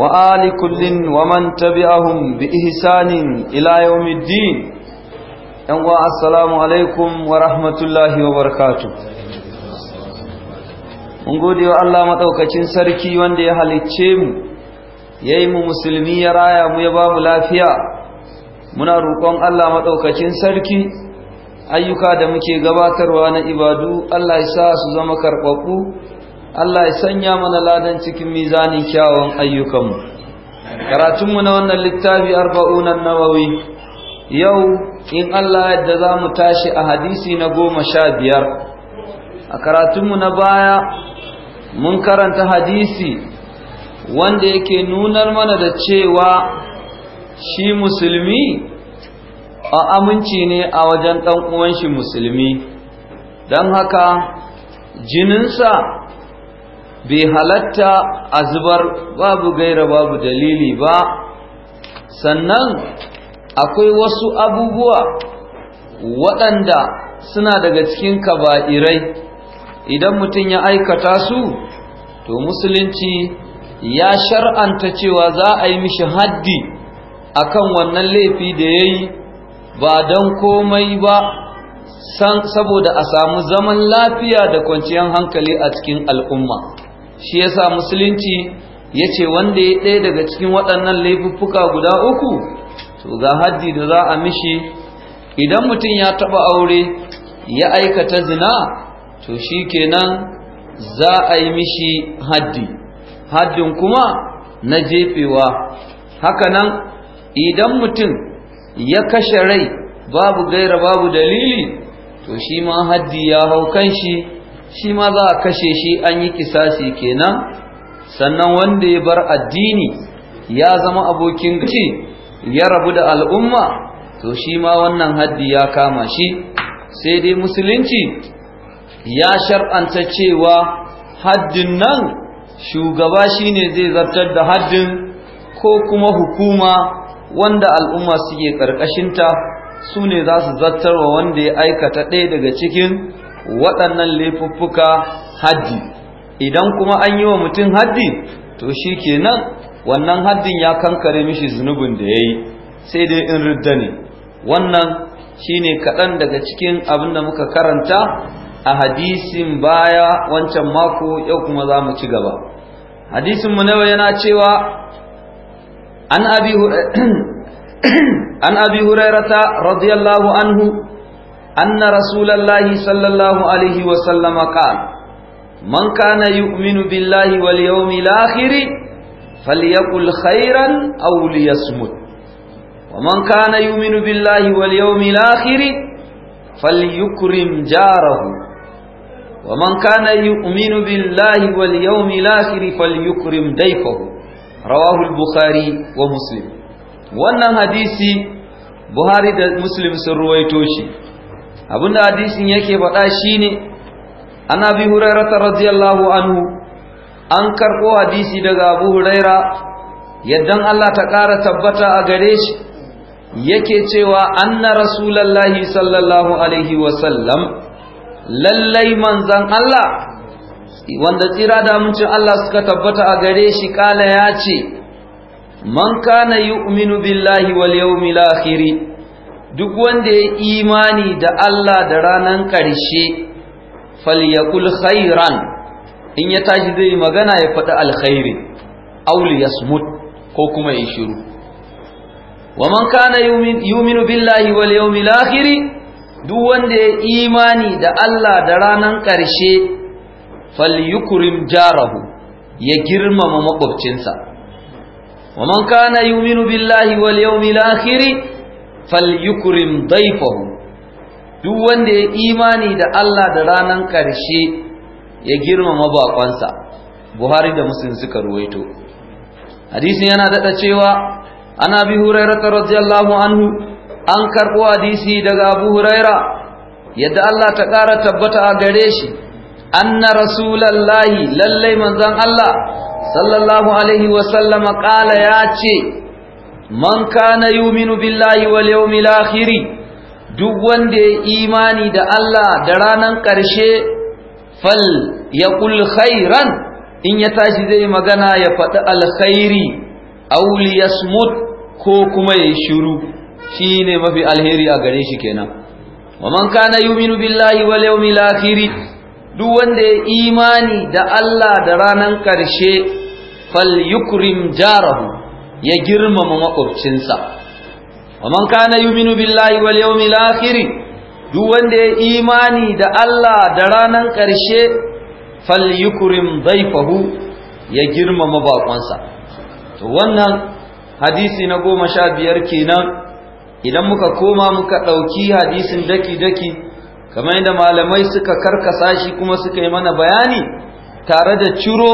وآل كل ومن تبعهم بإحسان إلى يوم الدين ينوى السلام عليكم ورحمة الله وبركاته mun gode wa Allah maɗaukacin sarki wanda ya halicce mu ya yi mu musulmi ya raya mu ya ba mu lafiya muna roƙon Allah maɗaukacin sarki ayyuka da muke gabatarwa na ibadu Allah ya sa su zama karɓaɓɓu Allah ya sanya mana ladan cikin mizanin kyawawan ayyukanmu karatunmu na wannan littafi arba'unan nawawi yau in Allah yadda za mu tashi a hadisi na goma sha biyar a karatunmu na baya mun karanta hadisi wanda yake nunar mana da cewa shi musulmi a aminci ne a wajen ɗan uwan shi musulmi don haka jininsa bai halatta a zubar babu gaira babu dalili ba sannan akwai wasu abubuwa waɗanda suna daga cikin kaba'irai idan mutum ya aikata su to musulunci ya shar'anta cewa za a yi mishi haddi akan wannan laifi da ya yi ba don komai ba saboda a samu zaman lafiya da kwanciyar hankali a cikin al'umma shi yasa musulunci ya ce wanda ya ɗaya daga cikin waɗannan laifuffuka guda uku to ga haddi da za a mishi idan mutum ya taɓa aure ya aikata zina to shi kenan za a yi mishi haddi haddin kuma na jefewa haka nan. idan mutum ya kashe rai babu gaira babu dalili to shi ma haddi ya hau kan shi shi ma za a kashe shi an yi kisasi kenan sannan wanda ya bar addini ya zama abokin gaci ya rabu da al'umma to shi ma wannan haddi ya kama shi sai dai musulunci ya shar'anta cewa haddin nan shugaba shi ne zai zartar da haddin ko kuma hukuma wanda al'umma suke ƙarƙashinta su ne za su wa wanda ya aikata ɗaya daga cikin waɗannan laifuffuka haddi idan kuma an yi wa mutum haddi to shi kenan wannan haddin ya kankare mishi zunubin da ya yi sai dai in ridda ne wannan shi ne kaɗan daga cikin abin da muka karanta a hadisin baya wancan mako yau kuma za mu ci gaba hadisin mu na yana cewa an abi hurairata radiyallahu anhu أن رسول الله صلى الله عليه وسلم قال من كان يؤمن بالله واليوم الآخر فليقل خيرا أو ليصمت ومن كان يؤمن بالله واليوم الآخر فليكرم جاره ومن كان يؤمن بالله واليوم الآخر فليكرم ضيفه رواه البخاري ومسلم wannan hadisi Buhari da Muslim sun ruwaito shi abinda hadisin yake faɗa shine bi hurairata radiyallahu anhu an karɓo hadisi daga abu huraira yadda Allah ta ƙara tabbata a gare shi yake cewa anna rasulallahi sallallahu alaihi wasallam lallai manzan Allah wanda tsira da amincin Allah suka tabbata a gare shi kala ya ce man kana yu'minu billahi wal yawmil akhir duk wanda ya imani da Allah da ranan ƙarshe falyakul khairan in ya tashi zai yi magana ya faɗi alkhairi auli yasmut ko kuma ya shiru wa man kana yuminu billahi wal yawmil duk wanda ya imani da Allah da ranan ƙarshe falyukrim jarahu ya girmama makwabcinsa wa man kana yuminu billahi wal yawmil Falyukurin daifahu duk wanda ya imani da Allah da ranar ƙarshe ya girmama baƙonsa Buhari da musulun suka ruwaito hadisin yana daɗa cewa ana bi huraira radiyallahu anhu an karɓo hadisi daga Abu Huraira yadda Allah ta ƙara tabbata a gare shi anna rasulallahi lallai manzon Allah sallallahu alaihi wa sallama ya ce man kana yuminu billahi wal yawmil akhir duk wanda ya imani da Allah da ranan ƙarshe fal yaqul khairan in ya tashi zai magana ya faɗi alkhairi aw liyasmut ko kuma ya shiru shine mafi alheri a gare shi kenan wa man kana yuminu billahi wal yawmil akhir duk wanda ya imani da Allah da ranan ƙarshe fal yukrim jarahu ya girmama makwabcinsa wa man kana yu'minu billahi wal yawmil akhir duk wanda ya imani da Allah da ranan ƙarshe falyukrim dhaifahu ya girmama bakonsa to wannan hadisi na goma sha biyar kenan idan muka koma muka ɗauki hadisin daki-daki kamar yadda malamai suka karkasa shi kuma suka yi mana bayani tare da ciro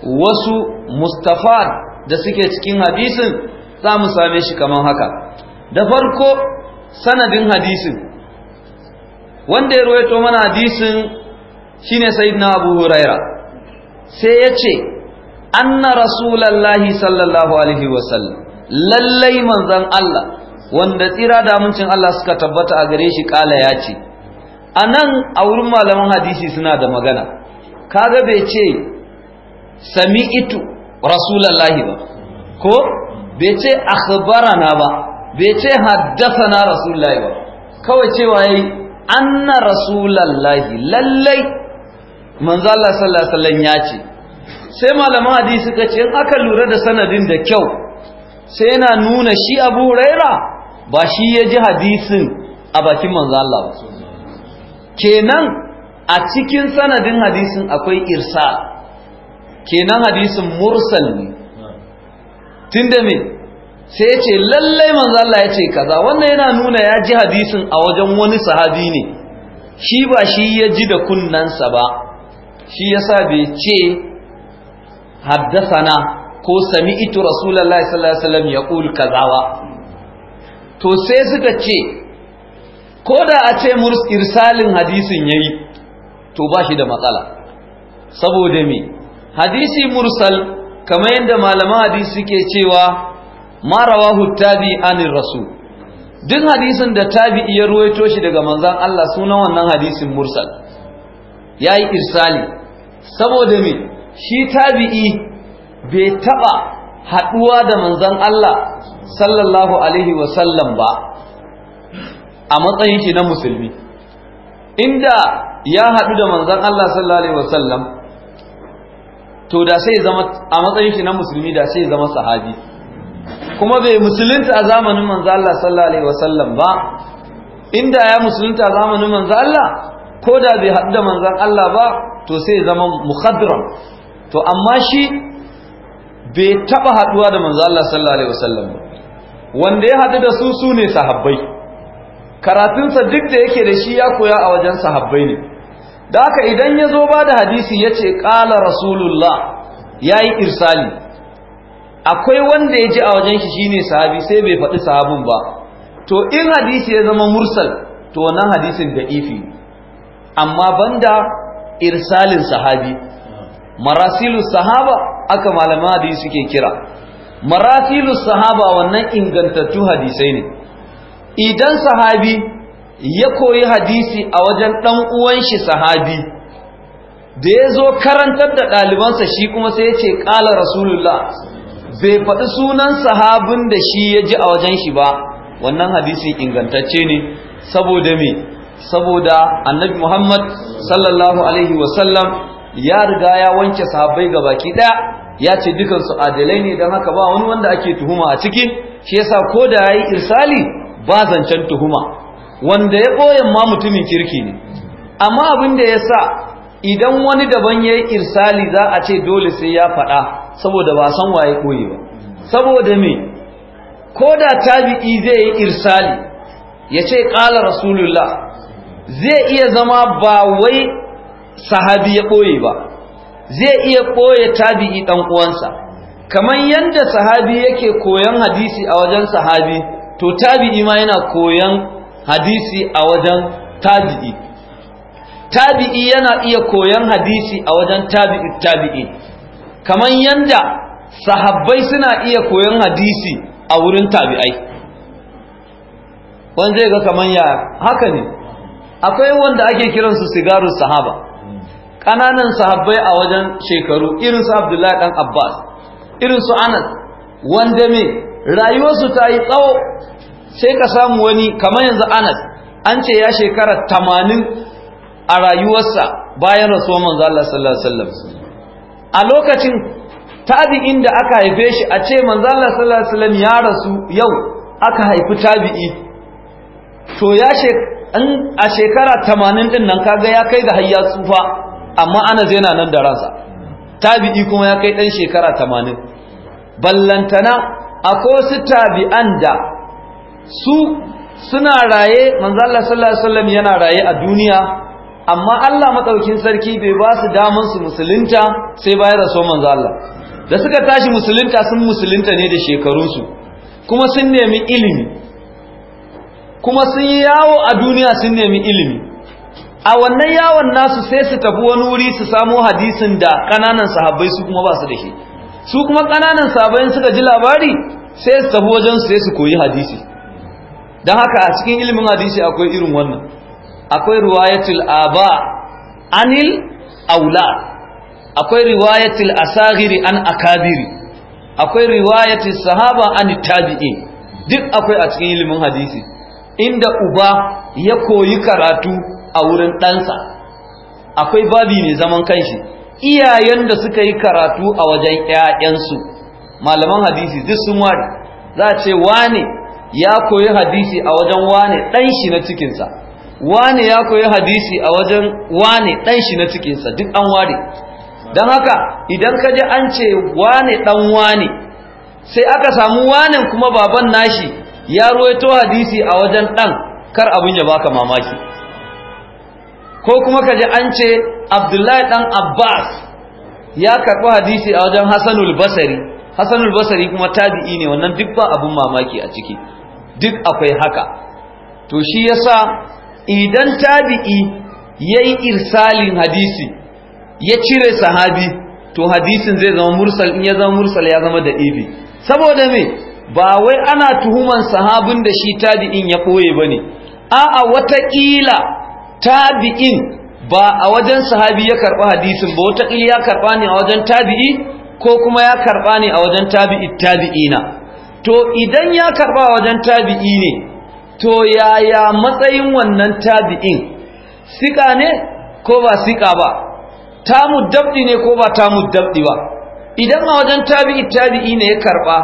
wasu mustafad da suke cikin hadisin za mu same shi kamar haka da farko sanadin hadisin wanda ya ruwaito mana hadisin shine sayyidina abu huraira sai ya ce anna rasulallahi sallallahu alaihi wasallam lallai manzan Allah wanda tsira da mincin Allah suka tabbata a gare shi kala ya ce a nan a wurin malaman hadisi suna da magana kaga bai ce sami'itu rasulullahi ba ko bai ce akhbarana ba bai ce haddathana rasulullahi ba kawai cewa yayi anna rasulullahi lallai manzo Allah sallallahu alaihi wasallam ya ce sai malaman hadisi suka ce in aka lura da sanadin da kyau sai yana nuna shi Abu Huraira ba shi ya ji hadisin a bakin manzo Allah ba kenan a cikin sanadin hadisin akwai irsal kenan hadisin mursal ne tunda me sai ya ce lallai manzo Allah ya ce kaza wannan yana nuna ya ji hadisin a wajen wani sahabi ne shi ba shi ya ji da kunnansa ba shi ya sa bai ce haddasana ko sami'tu rasulallah sallallahu alaihi wasallam kaza ba to sai suka ce ko da a ce irsalin hadisin yayi to ba shi da matsala saboda me hadisi mursal kamar yadda malaman hadisi suke cewa ma rawahu tabi anir rasul duk hadisin da tabi ya ruwaito shi daga manzon Allah sunan wannan hadisin mursal yayi irsali saboda me shi tabi'i bai taba haduwa da manzon Allah sallallahu alaihi wasallam ba a matsayin shi na musulmi inda ya haɗu da manzon Allah sallallahu alaihi wasallam to da sai zama a matsayin shi na musulmi da sai zama sahabi kuma bai musulunta a zamanin manzo Allah sallallahu alaihi wasallam ba inda ya musulunta a zamanin manzo Allah ko da bai haɗu da manzon Allah ba to sai zama mukhadram to amma shi bai taba haɗuwa da manzo Allah sallallahu alaihi wasallam ba wanda ya haɗu da su sune sahabbai karatunsa duk da yake da shi ya koya a wajen sahabbai ne da haka idan ya zo ba da hadisi ya ce ƙala rasulullah ya yi irsali akwai wanda ya ji a wajen shi shine sahabi sai bai faɗi sahabin ba to in hadisi ya zama mursal to wannan hadisin da ifi amma banda irsalin sahabi marasilu sahaba aka da hadisi suke kira marasilu sahaba wannan ingantattu hadisai ne idan sahabi ya koyi hadisi a wajen ɗan uwan shi sahabi da ya zo karantar da ɗalibansa shi kuma sai ya ce ƙala rasulullah bai faɗi sunan sahabin da shi ya ji a wajen shi ba wannan hadisi ingantacce ne saboda me saboda annabi muhammad sallallahu alaihi wasallam ya riga ya wanke sahabai ga baki ɗaya ya ce dukansu adalai ne don haka ba wani wanda ake tuhuma a cikin, shi yasa ko da ya yi irsali ba zancen tuhuma wanda ya ɓoyen ma mutumin kirki ne amma abin da ya sa idan wani daban ya yi irsali za a ce dole sai ya faɗa saboda ba san waye ɓoye ba saboda me ko da tabi'i zai yi irsali ya ce ƙala rasulullah zai iya zama ba wai sahabi ya ɓoye ba zai iya ɓoye tabi'i ɗan uwansa kamar yadda sahabi yake koyon hadisi a wajen sahabi to tabi'i ma yana koyon hadisi a wajen tabi'i tabi'i yana iya koyon hadisi a wajen tabi'i tabi'i kamar yanda sahabbai suna iya koyon hadisi a wurin tabi'ai wanda zai ga kamar ya haka ne akwai wanda ake kiransu sigarun sahaba ƙananan sahabbai a wajen shekaru irin su abdullahi dan abbas irin su anas wanda me rayuwarsu ta yi tsawo sai ka samu wani kamar yanzu anas an ce ya shekara tamanin a rayuwarsa bayan rasuwar manzo Allah sallallahu alaihi a lokacin tabi'in da aka haife shi a ce manzo Allah sallallahu alaihi wasallam ya rasu yau aka haifi tabi'i to ya a shekara tamanin din nan kaga ya kai ga hayya tsufa amma anas yana nan da ransa tabi'i kuma ya kai dan shekara tamanin ballantana akwai su tabi'an da su suna raye manzo Allah sallallahu alaihi wasallam yana raye a duniya amma Allah madaukin sarki bai ba su daman su musulunta sai bayan raso manzo Allah da suka tashi musulunta sun musulunta ne da shekarunsu kuma sun nemi ilimi kuma sun yi yawo a duniya sun nemi ilimi a wannan yawon nasu sai su tafi wani wuri su samo hadisin da kananan sahabbai su kuma ba su da shi su kuma kananan sahabbai suka ji labari sai su tafi wajen su sai su koyi hadisi don haka a cikin ilimin hadisi akwai irin wannan akwai riwayatul aba anil aula akwai riwayatul asagiri an akabiri akwai riwayatul sahaba an tabi'i duk akwai a cikin ilimin hadisi inda uba ya koyi karatu a wurin ɗansa akwai babi ne zaman kanshi iyayen da suka yi karatu a wajen 'ya'yansu malaman hadisi duk sun ware za a ce wane ya koyi hadisi a wajen wane ɗan shi na cikinsa wane ya koyi hadisi a wajen wane ɗan shi na cikinsa duk an ware don haka idan ka ji an ce wane ɗan wane sai aka samu wanen kuma baban nashi ya ruwaito hadisi a wajen ɗan kar abin ya baka mamaki ko kuma ka ji an ce abdullahi ɗan abbas ya karɓi hadisi a wajen hassanul basari hassanul basari kuma tabi'i ne wannan duk ba abin mamaki a ciki duk akwai haka to shi yasa idan tabi'i yayi irsalin hadisi ya cire sahabi to hadisin zai zama mursal in ya zama mursal ya zama da ibi saboda me ba wai ana tuhuman sahabin da shi tabi'in ya koye bane a'a wataƙila tabi'in ba a wajen sahabi ya karɓa hadisin ba wataƙila ya karɓa ne a wajen tabi'i ko kuma ya karɓa ne a wajen tabi'i tabi'ina to idan ya karba wajen tabi'i ne to yaya matsayin wannan tabi'in sika ne ko ba sika ba tamu dabdi ne ko ba tamu dabdi ba idan a wajen tabi'i tabi'i ne ya karba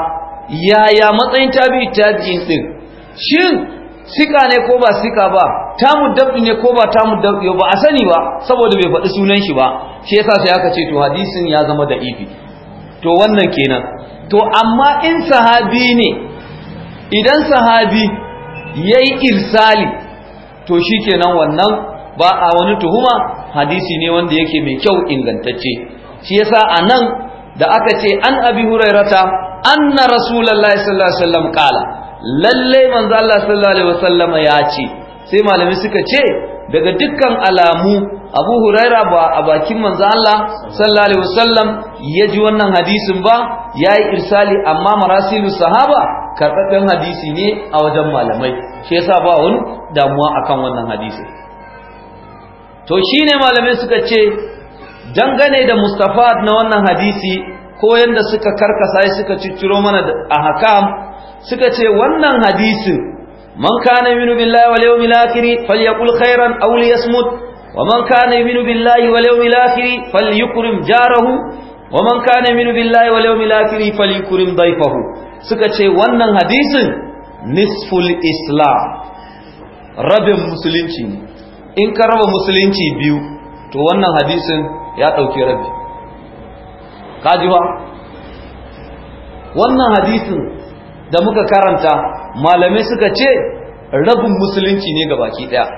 yaya matsayin tabi'i tabi'in din shin sika ne ko ba sika ba tamu dabdi ne ko ba tamu dabdi ba a sani ba saboda bai faɗi sunan shi ba shi yasa sai aka ce to hadisin ya zama da ifi to wannan kenan to amma in sahabi ne idan sahabi ya yi irsali to shi kenan wannan ba a wani tuhuma hadisi ne wanda yake mai kyau ingantacce shi yasa a da aka ce an abi hurairata anna rasulallah sallallahu alaihi wasallam kala lalle manzo Allah sallallahu alaihi wasallam ya ce sai malami suka ce daga dukkan alamu abu huraira ba a bakin manzo Allah sallallahu alaihi wasallam ya ji wannan hadisin ba yayi irsali amma marasilu sahaba karɓaɓɓen hadisi ne a wajen malamai shi yasa ba wani damuwa akan wannan hadisi to shine malamai suka ce dangane da mustafa na wannan hadisi ko yanda suka karkasa suka cicciro mana a hakam suka ce wannan hadisin man kana yu'minu billahi wal yawmil akhir falyaqul khairan aw liyasmut wa man kana yu'minu billahi wal yawmil akhir falyukrim jarahu wa man kana yu'minu billahi wal yawmil akhir falyukrim dayfahu suka ce wannan hadisin nisful islam rabin musulunci in ka raba musulunci biyu to wannan hadisin ya rabi wannan hadisin da muka karanta malamai suka ce rabin musulunci ne gabaki daya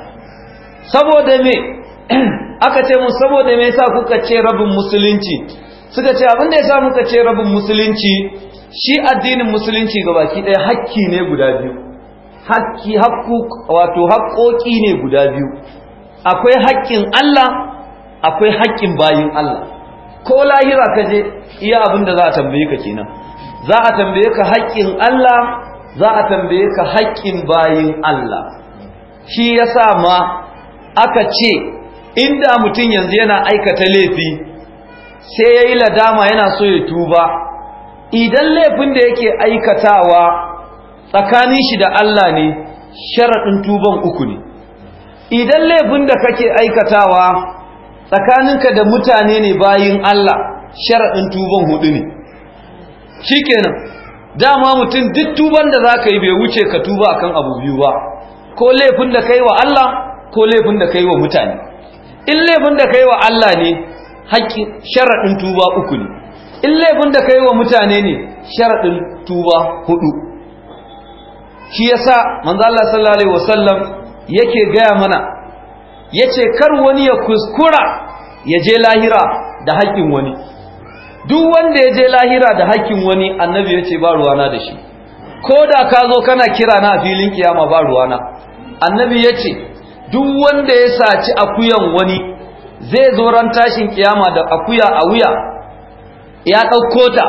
saboda me aka ce mun saboda me yasa kuka ce rabin musulunci suka ce abinda yasa muka ce rabin musulunci shi addinin musulunci gabaki daya hakki ne guda biyu hakki hakku wato haƙoƙi ne guda biyu akwai hakkin Allah akwai haƙƙin bayin Allah ko lahira ka je iya abin da za a tambaye ka kenan za a tambaye ka haƙƙin Allah za a tambaye ka haƙƙin bayin Allah shi ya sa ma aka ce inda mutum yanzu yana aikata laifi sai ya yayi ladama yana so ya tuba idan laifin da yake aikatawa tsakanin shi da Allah ne sharaɗin tuban uku ne idan laifin da kake aikatawa tsakaninka da mutane ne bayin Allah sharaɗin tuban hudu ne shikenan dama mutum duk tuban da za ka yi bai wuce ka tuba kan abu biyu ba ko laifin da ka yi wa Allah ko laifin da ka yi wa mutane in laifin da ka yi wa Allah ne haƙƙin sharaɗin tuba uku ne in laifin da ka yi wa mutane ne sharaɗin tuba hudu shi sa manzo Allah sallallahu alaihi wasallam yake gaya mana ya ce kar wani ya kuskura ya je lahira da haƙƙin wani duk wanda ya je lahira da hakkin wani annabi ya ce ba ruwana da shi ko da ka zo kana kira na filin kiyama ba ruwana annabi ya ce duk wanda ya saci akuyan wani zai zo ran tashin kiyama da akuya a wuya ya ɗauko ta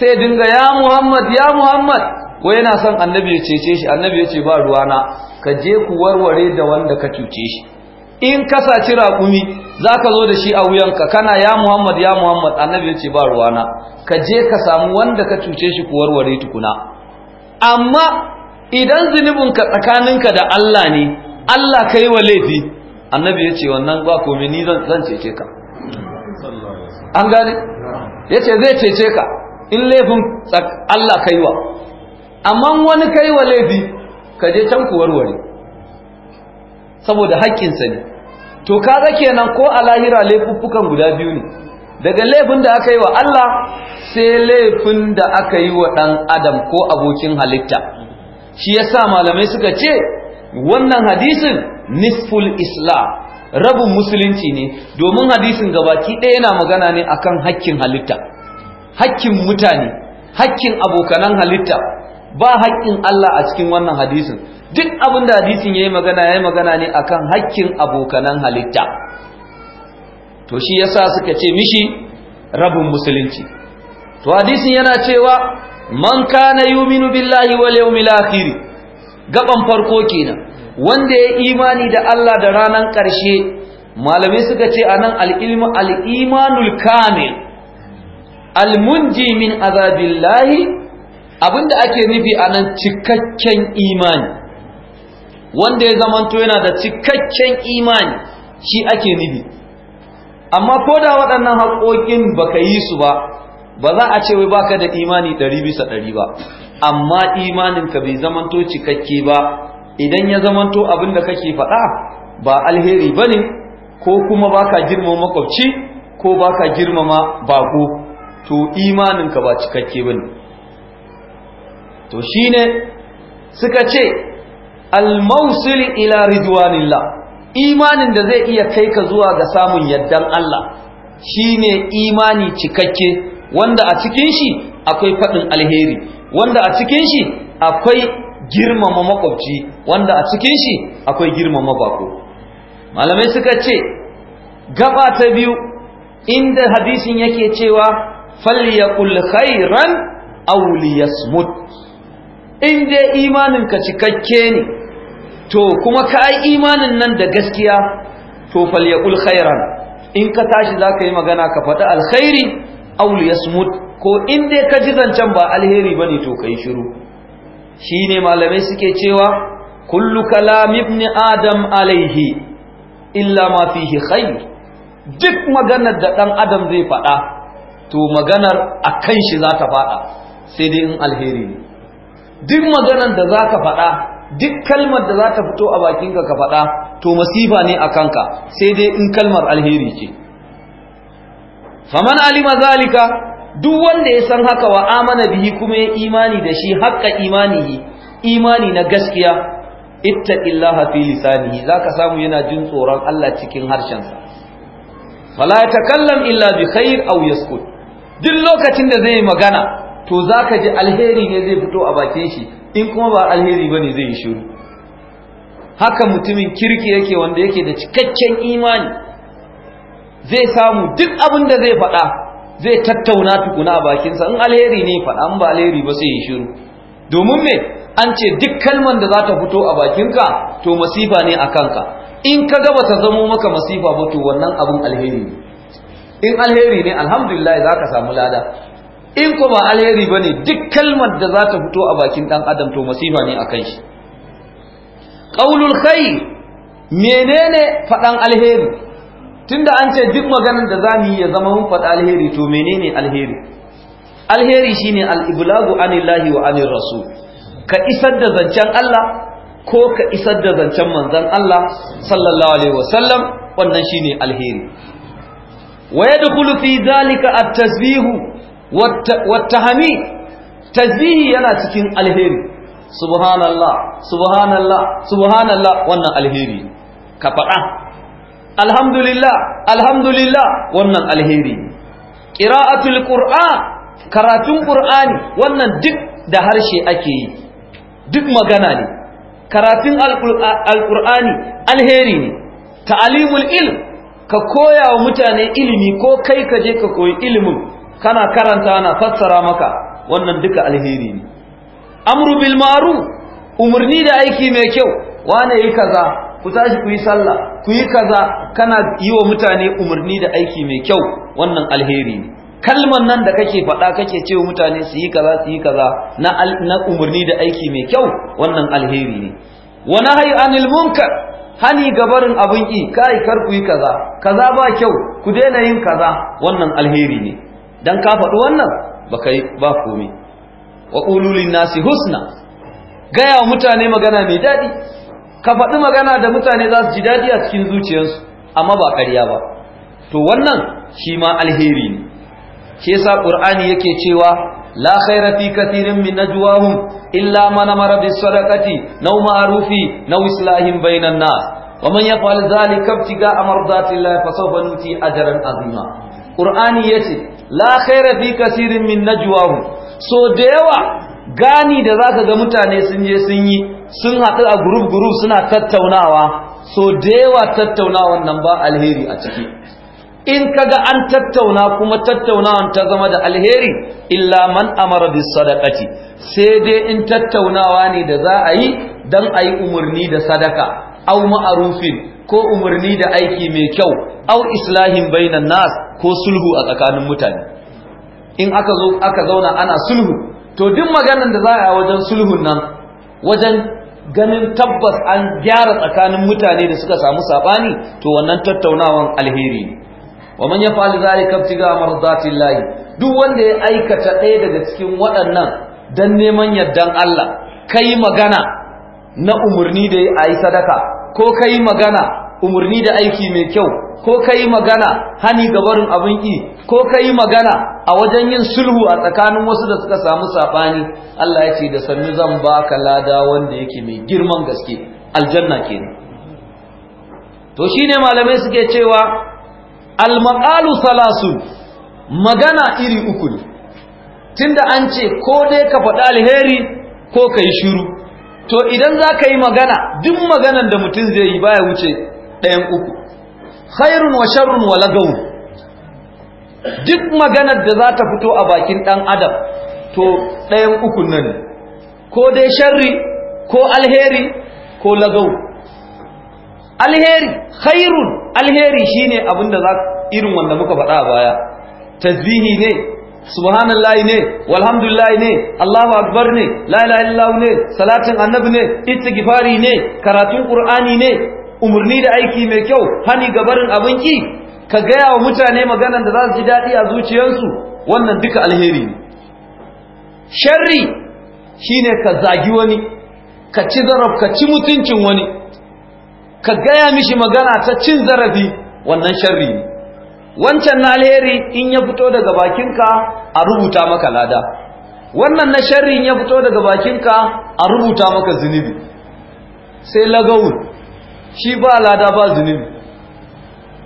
sai dinga ya muhammad ya muhammad wai yana son annabi ya cece shi annabi ya ce ba ruwana ka je ku warware da wanda ka cuce shi in ka saci raƙumi za ka zo da shi a wuyanka kana ya muhammad ya muhammad annabi ya ce ba ruwana ka je ka samu wanda ka cuce shi ku warware tukuna amma idan ka tsakaninka da allah ne allah kai wa laifi annabi ya ce wannan ba komai ni zan cece ka an gane ya ce zai cece ka in laifin allah kai wa amma wani kai wa laifi ka je can ku warware saboda haƙƙinsa ne to kaga kenan ko a lahira laifuffukan guda biyu ne daga laifin da aka yi wa Allah sai laifin da aka yi wa ɗan adam ko abokin halitta shi yasa malamai suka ce wannan hadisin nisful islam rabin musulunci ne domin hadisin gabaki ɗaya yana magana ne akan hakkin halitta hakkin mutane hakkin abokanan halitta ba hakkin Allah a cikin wannan hadisin duk abin da hadisin yi magana ya yayi magana ne akan hakkin abokanan halitta to shi yasa suka ce mishi rabin musulunci to hadisin yana cewa man kana yuminu billahi wal yawmil akhir gaban farko kenan wanda ya imani da Allah da ranan karshe malamai suka ce anan al-ilmu al-imanul kamil al-munji min azabillahi abinda ake nufi anan cikakken imani wanda ya zamanto yana da cikakken imani shi ake nufi amma ko da waɗannan haƙoƙin baka yi su ba ba za a ce wai baka da imani ɗari bisa ɗari ba amma imanin ka bai zamanto cikakke ba idan ya zamanto abin da kake faɗa ba alheri ba ne ko kuma baka girmama makwabci ko baka girmama bako to imaninka ba cikakke ba ne to shi ne suka ce al-mawsil ila ridwanillah imanin da zai iya kai ka zuwa ga samun yaddan Allah shine imani cikakke wanda a cikin shi akwai fadin alheri wanda a cikin shi akwai girmama makwabci wanda a cikin shi akwai girmama bako malamai suka ce gaba ta biyu inda hadisin yake cewa falyakul khairan aw liyasmut in dai ka cikakke ne to kuma ka yi imanin nan da gaskiya to fal yaqul khairan in ka tashi zaka yi magana ka faɗi alkhairi aw yasmut ko in dai ka ji zancen ba alheri bane to kai shiru shine malamai suke cewa kullu kalam ibn adam alaihi illa ma fihi khair duk maganar da dan adam zai faɗa to maganar akan shi za ta faɗa sai dai in alheri ne duk maganar da za ka faɗa duk kalmar da za ta fito a bakinka ka faɗa to masifa ne a kanka sai dai in kalmar alheri ce faman alima zalika duk wanda ya san haka wa amana bihi kuma ya imani da shi haƙƙa imanihi imani na gaskiya ita fi lisanihi zaka samu yana jin tsoron Allah cikin harshensa fala yatakallam illa bi khair aw yaskut duk lokacin da zai magana to za ka ji alheri ne zai fito a bakin shi in kuma ba alheri ba ne zai yi shiru haka mutumin kirki yake wanda yake da cikakken imani zai samu duk abin da zai faɗa zai tattauna tukuna a bakinsa in alheri ne faɗa in ba alheri ba sai yi shiru domin me an ce duk kalman da za ta fito a bakinka to masifa ne a kanka in ka gaba ta zamo maka masifa ba to wannan abin alheri ne in alheri ne alhamdulillah za ka samu lada in ko ba alheri bane duk kalmar da za ta fito a bakin dan adam to masifa ne akan shi qaulul khair menene fadan alheri tunda an ce duk maganar da zamu yi ya zama mun faɗa alheri to menene alheri alheri shine al-iblagu anillahi wa anir rasul ka isar da zancen Allah ko ka isar da zancen manzon Allah sallallahu alaihi wasallam wannan shine alheri wa yadkhulu fi zalika at-tasbihu wata hami tasbihi yana cikin alheri subhanallah subhanallah subhanallah wannan alheri ka faɗa alhamdulillah alhamdulillah wannan alheri qira'atul qur'an karatun qur'ani wannan duk da harshe ake yi duk magana ne karatun alqur'ani alheri ne ta'alimul ilm ka koya wa mutane ilimi ko kai ka je ka koyi ilimin kana karanta ana fassara maka wannan duka alheri ne amru bil ma'ruf umurni da aiki mai kyau wane yi kaza ku tashi ku yi sallah ku yi kaza kana yi wa mutane umurni da aiki mai kyau wannan alheri ne kalman nan da kake faɗa kake ce mutane su yi kaza su yi kaza na na umurni da aiki mai kyau wannan alheri ne wa nahyi anil munkar hani gabarin abin ki kai kar ku yi kaza kaza ba kyau ku daina yin kaza wannan alheri ne dan ka faɗi wannan ba kai ba komi wa nasi husna gaya mutane magana mai daɗi ka faɗi magana da mutane za su ji daɗi a cikin zuciyarsu amma ba ƙarya ba to wannan shi ma alheri ne shi ƙur'ani qur'ani yake cewa la khaira fi kathirin min najwahum illa man amara bis sadaqati naw ma'rufi naw islahin bainan nas wa man yaf'al dhalika ibtiga'a mardati fasawfa nuti ajran azima ƙur'ani ya ce la khaira fi kasirin min najwahu so da yawa gani da zaka ga mutane sun je sun yi sun haɗu a group group suna tattaunawa so da yawa tattaunawa nan ba alheri a ciki in kaga an tattauna kuma tattaunawan ta zama da alheri illa man amara bis sadaqati sai dai in tattaunawa ne da za a yi dan a yi umarni da sadaka au ma'arufin ko umarni da aiki mai kyau au islahin bainan nas ko sulhu a tsakanin mutane in aka zo aka zauna ana sulhu to duk maganar da za a yi wajen sulhun nan wajen ganin tabbas an gyara tsakanin mutane da suka samu sabani to wannan tattaunawan alheri ne wa man yaf'al zalika ibtiga mardatillahi duk wanda ya aikata ɗaya daga cikin waɗannan dan neman yardan Allah kai magana na umurni da yi sadaka ko kai magana umurni da aiki mai kyau ko ka yi magana hani ga barin abin ƙi ko ka yi magana a wajen yin sulhu a tsakanin wasu da suka samu saɓani Allah ya ce da sannu zan ba ka lada wanda yake mai girman gaske aljanna kenan to shine malamai suke cewa almaƙalu Salasu magana iri uku ne tunda an ce ko dai ka faɗi alheri ko ka shiru to idan za ka yi magana duk maganan da mutum zai yi baya wuce ɗayan uku khairun wa sharrun wa lagaw duk maganar da za ta fito a bakin ɗan adam to ɗayan uku nan ko dai sharri ko alheri ko lagaw alheri khairun alheri shine abinda za irin wanda muka faɗa a baya tazihi ne subhanallahi ne walhamdulillahi ne allahu akbar ne la ilaha illallah ne salatin annabi ne istighfari ne karatun qur'ani ne umarni da aiki mai kyau hani ga barin abinki ka gaya wa mutane maganan da za su ji daɗi a zuciyarsu wannan duka alheri ne sharri shine ka zagi wani ka ci zaraf ka ci mutuncin wani ka gaya mishi magana ta cin zarafi wannan sharri ne wancan na alheri in ya fito daga bakinka a rubuta maka lada wannan na sharri in ya fito daga bakinka a rubuta maka zunubi sai lagawun shi ba lada ba zunubi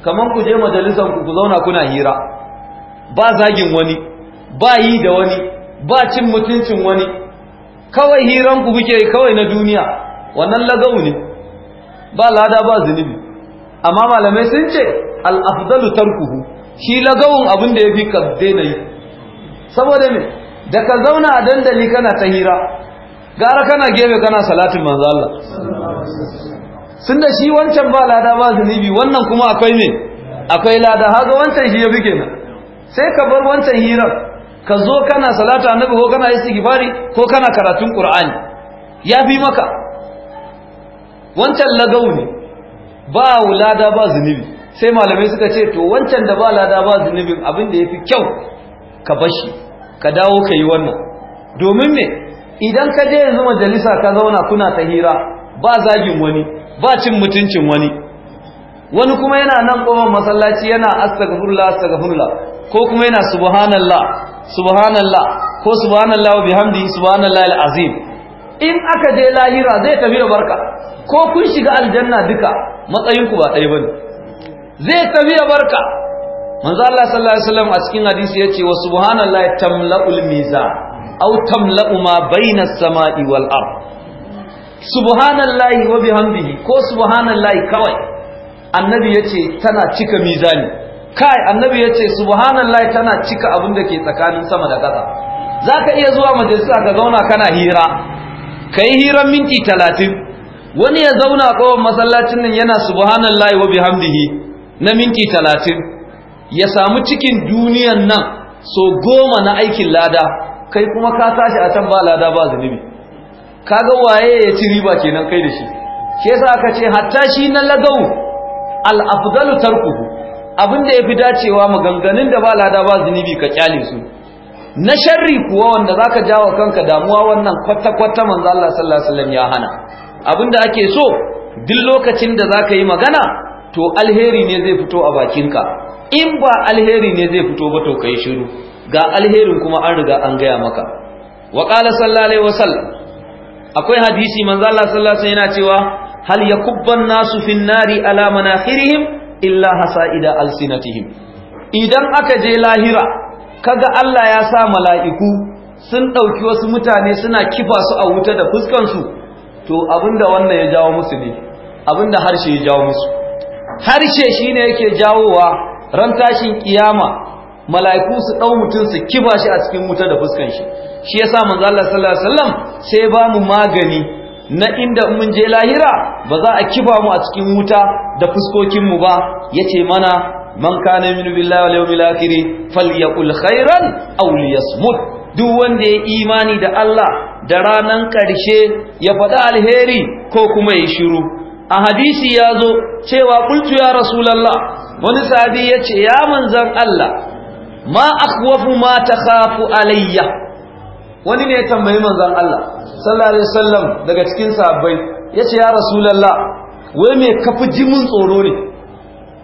kamar ku je majalisar ku zauna kuna hira ba zagin wani ba yi da wani ba cin mutuncin wani kawai hiran ku kuke kawai na duniya wannan lagau ne ba lada ba zunubi amma malamai sun ce al-afdalu tarkuhu shi lagawun abin da yafi ka daina yi saboda me da ka zauna a dandali kana ta hira gara kana gefe kana salatin manzo Allah sun da shi wancan ba lada ba zunubi wannan kuma akwai ne akwai lada haka wancan shi ya fi kenan sai ka bar wancan hirar ka zo kana salata annabi ko kana istighfari ko kana karatun qur'ani ya fi maka wancan lagau ne ba lada ba zunubi sai malamai suka ce to wancan da ba lada ba zunubin abin da fi kyau ka bashi ka dawo ka yi wannan domin me idan ka je yanzu majalisa ka zauna kuna ta hira ba zagin wani ba cin mutuncin wani wani kuma yana nan kofar masallaci yana astaghfirullah astaghfirullah ko kuma yana subhanallah subhanallah ko subhanallah wa bihamdihi subhanallah alazim in aka je lahira zai tafi da barka ko kun shiga aljanna duka matsayinku ba ɗaya bane zai tafi da barka manzo Allah sallallahu alaihi wasallam a cikin hadisi yace wa subhanallahi tamla'ul mizan aw tamla'u ma sama'i wal ard subhanallahi wa bihamdihi ko subhanallahi kawai annabi yace tana cika mizani kai annabi yace subhanallahi tana cika abin da ke tsakanin sama da ƙasa zaka iya zuwa majalisa ka zauna kana hira kai hiran minti 30 wani ya zauna kawai masallacin nan yana subhanallahi wa bihamdihi na minti 30 ya samu cikin duniyan nan so goma na aikin lada kai kuma ka tashi a can ba lada ba zunubi kaga waye ya ci riba kenan kai da shi shi yasa aka ce hatta shi na lagau al afdalu tarkuhu abinda yafi dacewa maganganun da ba lada ba zunubi ka kyale su na sharri kuwa wanda zaka jawo kanka damuwa wannan kwata kwata manzo Allah sallallahu alaihi wasallam ya hana abinda ake so duk lokacin da zaka yi magana to alheri ne zai fito a bakinka in ba alheri ne zai fito ba to kai shiru ga alherin kuma an riga an gaya maka wa qala sallallahu alaihi wasallam akwai hadisi manzo Allah sallallahu alaihi yana cewa hal yakubban nasu fin nari ala manakhirihim illa hasaida alsinatihim idan aka je lahira kaga Allah ya sa mala'iku sun dauki wasu mutane suna kifa su a wuta da fuskan su to abinda wannan ya jawo musu ne abinda harshe ya jawo musu harshe shine yake jawowa ran tashin kiyama mala'iku su ɗau mutum su kiba shi a cikin wuta da fuskan shi shi yasa manzo Allah sallallahu alaihi wasallam sai ba mu magani na inda mun je lahira ba za a kiba mu a cikin wuta da fuskokin mu ba yace mana man kana min billahi wal yawmil akhir falyakul khairan aw liyasmut duk wanda ya imani da Allah da ranan ƙarshe ya faɗi alheri ko kuma ya shiru a hadisi ya zo cewa kultu ya rasulallah wani sahabi ya ce ya manzan Allah ma akhwafu ma takhafu alayya wani ne ya tambayi manzon Allah sallallahu alaihi wasallam daga cikin sahabbai yace ya rasulullah wai me kafi jimin tsoro ne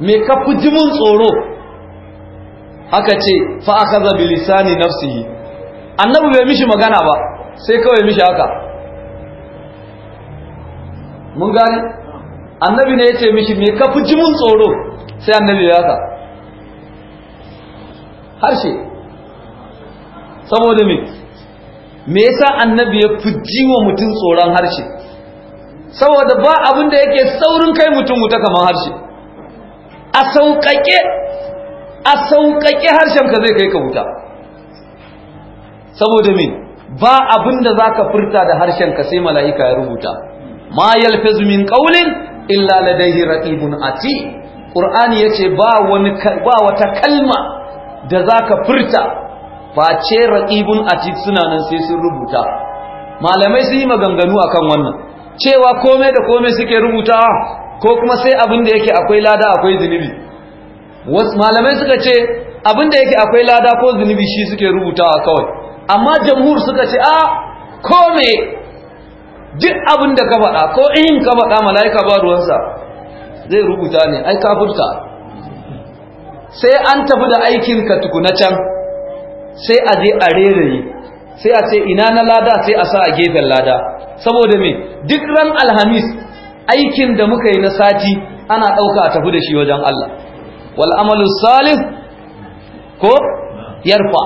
me kafi jimin tsoro aka ce fa akhadha bi lisani nafsihi annabi bai mishi magana ba sai kawai mishi haka mun gane annabi ne yace mishi me kafi jimin tsoro sai annabi ya haka harshe saboda me me yasa annabi ya fiji wa mutum tsoron harshe saboda ba abin da yake saurin kai mutum wuta kamar harshe a sauƙaƙe a sauƙaƙe harshenka zai kai ka wuta saboda me ba abin da za ka furta da harshenka sai mala'ika ya rubuta ma yalfizu min ƙaulin illa ladaihi raqibun ati qur'ani yace ba wani ba wata kalma da za ka furta face raqibun atid suna nan sai sun rubuta malamai sun yi maganganu kan wannan cewa komai da komai suke rubuta ko kuma sai abinda yake akwai lada akwai zunubi malamai suka ce abinda yake akwai lada ko zunubi shi suke rubutawa kawai amma jamhur suka ce a ah, kome duk abinda ka faɗa ko in ka faɗa mala'ika ba ruwansa zai rubuta ne ai ka furta. sai an tafi da aikinka tukuna can sai a je a reraye sai a ce ina na lada sai a sa a gefen lada saboda me duk ran alhamis aikin da muka yi na sati ana ɗauka a tafi da shi wajen Allah wal amalu salih ko yarfa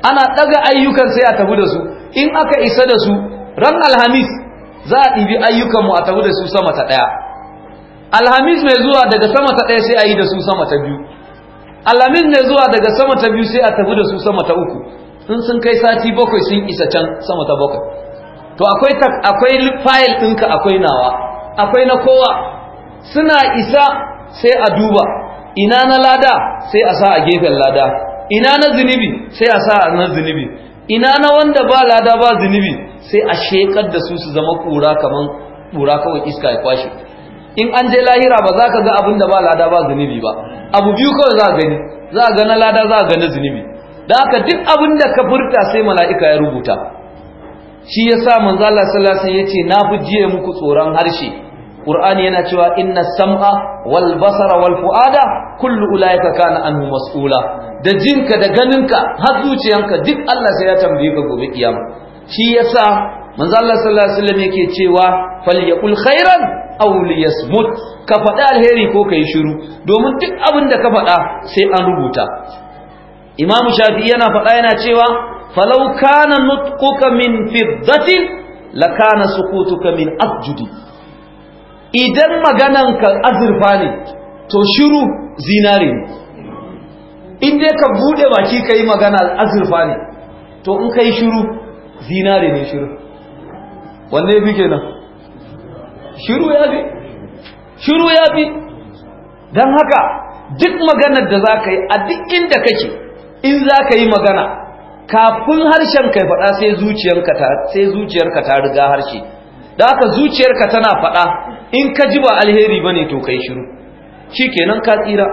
ana ɗaga ayyukan sai a tafi da su in aka isa da su ran alhamis za a ɗibi ayyukanmu a tafi da su sama ta ɗaya alhamis mai zuwa daga sama ta ɗaya sai a yi da su sama ta biyu alamin ne zuwa daga sama ta biyu sai a tafi da su sama ta uku in sun kai sati bakwai sun isa can sama ta bakwai to akwai akwai fayil ɗinka akwai nawa akwai na kowa suna isa sai a duba ina na lada sai a sa a gefen lada ina na zunubi sai a sa a na zunubi ina na wanda ba lada ba zunubi sai a shekar da su su zama kura kaman kura kawai iska ya kwashe in an je lahira ba za ka ga abin da ba lada ba zunubi ba abu biyu kawai za a gani za a gani lada za a gani zunubi da haka duk abin da ka furta sai mala'ika ya rubuta shi ya sa sallallahu alaihi ya ce na fi jiye muku tsoron harshe Qur'ani yana cewa inna sam'a wal basara wal fu'ada kullu ulaika kana anhu mas'ula da jinka da ganinka har zuciyanka duk Allah sai ya tambaye ka gobe kiyama shi yasa manzo Allah sallallahu alaihi wasallam yake cewa falyakul khairan aw liyasmut ka faɗi alheri ko kai shiru domin duk abin da ka faɗa sai an rubuta imamu shafi'i yana faɗa yana cewa falau kana nutquka min fiddatin lakana sukutuka min afjudi idan ka azurfa ne to shiru zinare ne in dai ka bude baki kai magana azurfa ne to in kai shiru zinare ne shiru wanne fi kenan shiru ya fi shiru ya fi don haka duk maganar da za ka yi a duk inda kake in za ka yi magana kafin harshen kai faɗa sai zuciyarka ta riga harshe da haka zuciyarka tana faɗa in ka ji ba alheri ba ne to kai shiru shi kenan ka tsira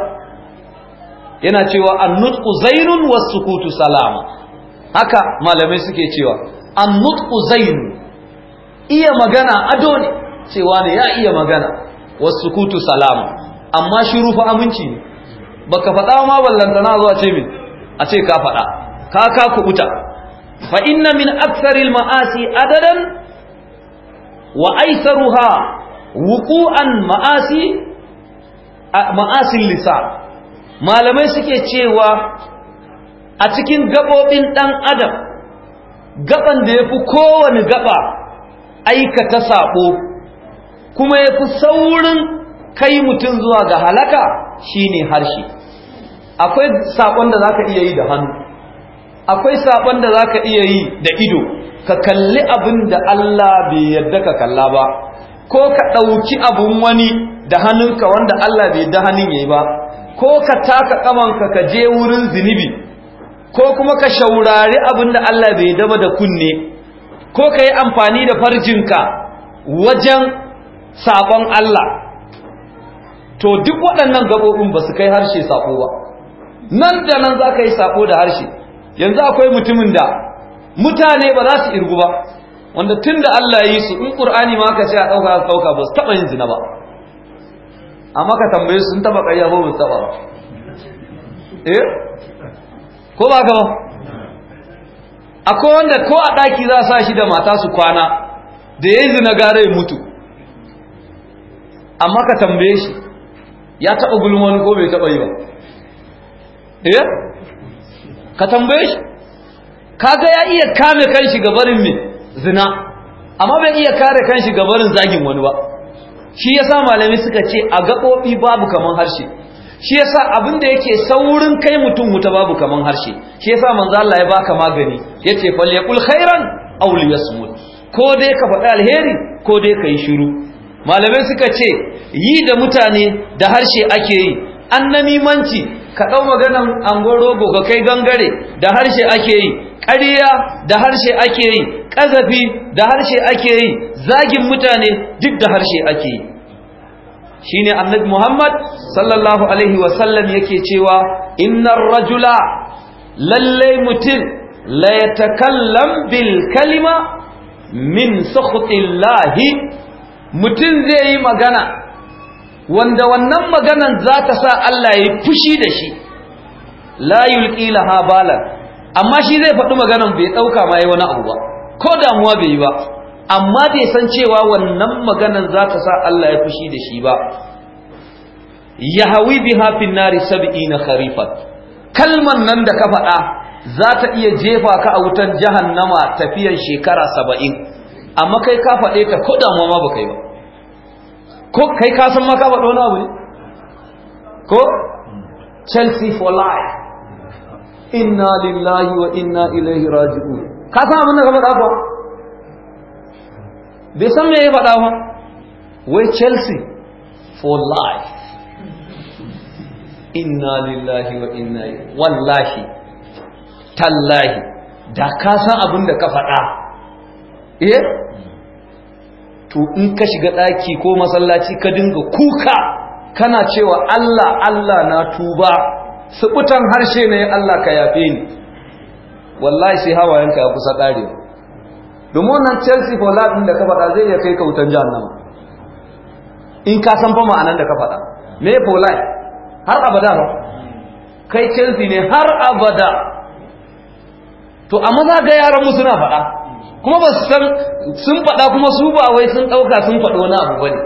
yana cewa annutku zainun wasu kutu salama haka malamai suke cewa annutku zainun iya magana ado ne cewa ne ya iya magana wasu kutu salama amma shiru fa aminci ne baka faɗa ma ballantana zuwa ce min a ce ka faɗa ka ka kubuta fa inna min aktsaril ma'asi adadan wa aisaruha wuqu'an ma'asi ma'asil lisa. malamai suke cewa a cikin gabobin ɗan adam gaɓan da yafi kowane gaɓa. aikata saɓo kuma ya fi saurin kai mutum zuwa ga halaka shine harshe akwai saɓon da za ka iya yi da hannu akwai saɓon da za ka iya yi da ido ka kalli abin da Allah bai yadda ka kalla ba ko ka ɗauki abin wani da hannunka wanda Allah bai da hannun ya yi ba ko ka taka ƙamanka ka je wurin zinibi ko kuma ka shaurari abin da Allah bai daba da kunne ko ka yi amfani da farjinka wajen sabon Allah to duk waɗannan gaɓoɓin ba su kai harshe saƙo ba nan da nan za ka yi saƙo da harshe yanzu akwai mutumin da mutane ba za su irgu ba wanda tun da Allah yi su in ƙur'ani ma ka ce a ɗauka a ɗauka ba su taɓa yin zina ba amma ka tambaye sun taɓa ƙarya ba ba taɓa ba eh ko ba ka ba akwai wanda ko a ɗaki za sa shi da mata su kwana da ya zina gara ya mutu amma ka tambaye shi ya taɓa gulma wani ko bai taɓa yi ba eh ka tambaye shi kaga ya iya kame kan ga barin mai zina amma bai iya kare kan ga barin zagin wani ba shi ya sa malami suka ce a gaɓoɓi babu kaman harshe shi yasa abin da yake saurin kai mutum wuta babu kaman harshe shi yasa manzo Allah ya baka magani yace falyakul khairan aw liyasmut ko dai ka faɗi alheri ko dai ka yi shiru malamai suka ce yi da mutane da harshe ake yi an manci ka ɗau maganan angon rogo ka kai gangare da harshe ake yi ƙarya da harshe ake yi ƙazafi da harshe ake yi zagin mutane duk da harshe ake yi shine annabi Muhammad sallallahu alaihi wa sallam yake cewa innar rajula lalle mutum la yatakallam bil kalima min sukhtillahi mutum zai yi magana wanda wannan maganan za ta sa Allah ya fushi da shi la yulqi laha balan amma shi zai faɗi maganan bai ɗauka ma wani abu ba ko damuwa bai yi ba amma bai san cewa wannan maganan za ta sa Allah ya fushi da shi ba yahawi biha fin nari na Kharifat, kalman nan da ka faɗa za ta iya jefa ka a wutan jahannama tafiyan shekara saba'in amma kai ka faɗe ta ko damuwa ma ba kai ba ko kai ka san ma ka faɗo na wuri ko chelsea for life inna lillahi wa inna ilaihi raji'un ka san abin da ka faɗa ko bai san me ya faɗa ba wai chelsea for life inna lillahi wa inna wallahi tallahi da ka san abin da ka faɗa eh to in ka shiga ɗaki ko masallaci ka dinga kuka kana cewa Allah Allah na tuba subutan harshe ne Allah ka yafe ni wallahi sai hawayenka ya kusa ƙarewa domin wannan chelsea for life da ka faɗa zai iya kai kautan wutan jahannama in ka san fa ma'anar da ka faɗa me for har abada ba kai chelsea ne har abada to amma za ga yaran mu suna faɗa kuma ba su san sun faɗa kuma su ba wai sun ɗauka sun faɗi wani abu ne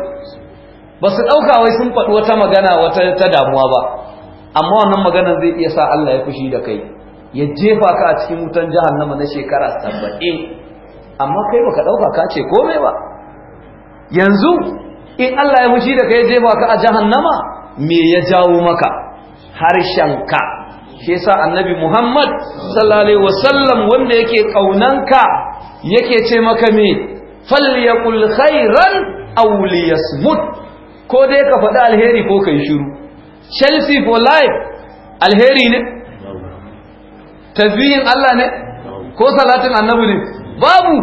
ba su ɗauka wai sun faɗi wata magana wata ta damuwa ba amma wannan maganar zai iya sa Allah ya fushi da kai ya jefa ka a cikin wutan jahannama na shekara saba'in amma kai baka dauka ka ce komai ba yanzu in Allah ya mushi da kai ba ka a jahannama me ya jawo maka harshen ka shi yasa annabi Muhammad sallallahu alaihi wasallam wanda yake kaunanka yake ce maka me falyakul khairan aw liyasmut ko dai ka faɗi alheri ko kai shiru Chelsea for life alheri ne tasbihin Allah ne ko salatin annabi ne babu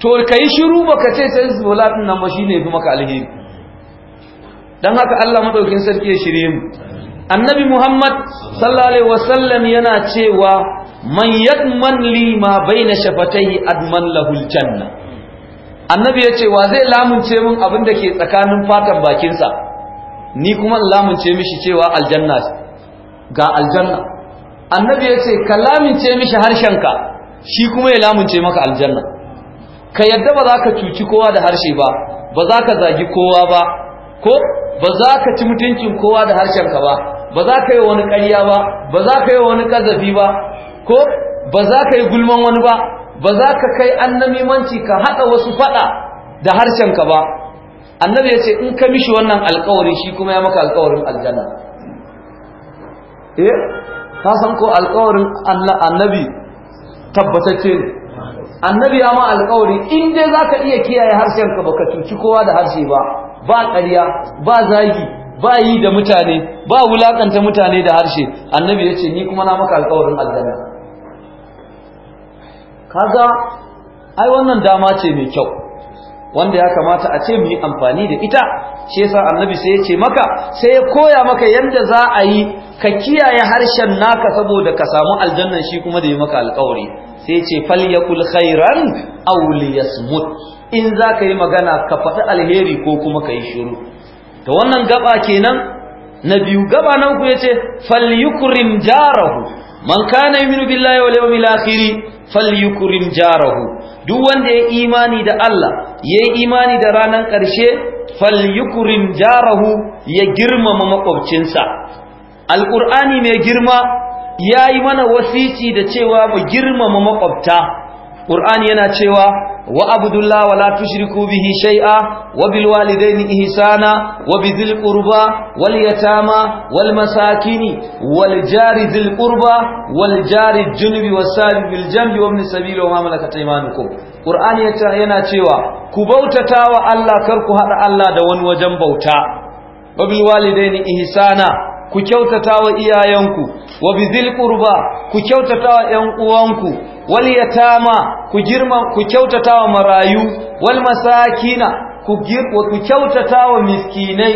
to kai shiru baka ce sai zuwa din nan ba shine fi maka alheri dan haka Allah madaukin sarki ya shirye mu annabi Muhammad sallallahu alaihi wasallam yana cewa man yadman li ma baina shafatayhi adman lahu aljanna annabi ya ce wa zai lamunce min abin da ke tsakanin fatan bakinsa ni kuma lamunce mishi cewa aljanna ga aljanna annabi ya ce ka ce mishi harshenka shi kuma ya lamunce maka aljanna ka yadda ba za ka cuci kowa da harshe ba ba za ka zagi kowa ba ko ba za ka ci mutuncin kowa da harshenka ba ba za ka yi wani ƙarya ba ba za ka yi wani ƙazafi ba ko ba za ka yi gulman wani ba ba za ka kai annamimanci ka haɗa wasu faɗa da harshenka ba annabi ya ce in ka mishi wannan alkawari shi kuma ya maka alkawarin aljanna eh ka san ko alƙawarin annabi tabbatacce ne annabi ya ma alƙawari in dai za ka iya kiyaye harshenka ba ka cuci kowa da harshe ba ba ƙarya ba zagi ba yi da mutane ba wulaƙanta mutane da harshe annabi ya ce ni kuma na maka alƙawarin aljanna kaga ai wannan dama ce mai kyau wanda ya kamata a ce mu amfani da ita shi yasa annabi sai ya ce maka sai ya koya maka yadda za a yi ka kiyaye harshen naka saboda ka samu aljanna shi kuma da yi maka alƙawari sai ya ce yakul khairan aw liyasmut in za ka yi magana ka faɗi alheri ko kuma ka yi shiru to wannan gaba kenan na biyu gaba na uku yace yukrim jarahu man kana yu'minu billahi wal yawmil akhir yukrim jarahu duk wanda ya imani da Allah ya yi imani da ranar ƙarshe falyukurin jarahu ya girmama makwabcinsa Alƙur'ani mai girma yayi mana wasici da cewa mu girmama makwabta qur'ani yana cewa وعبد الله ولا تشركوا به شيئا وبالوالدين إحسانا وبذي القربى واليتامى والمساكين والجار ذي القربى والجار الجنب والسالب بالجنب وابن السبيل وما ملكت أيمانكم قرآن يتعينا تيوا كبوتتا وألا كركها ألا دون وجنبوتا وبالوالدين إحسانا ku kyautata wa iyayenku wa bizil qurba ku kyautata wa ƴan uwanku wal yatama ku girma ku kyautata wa marayu wal masakina ku ku kyautata wa miskinai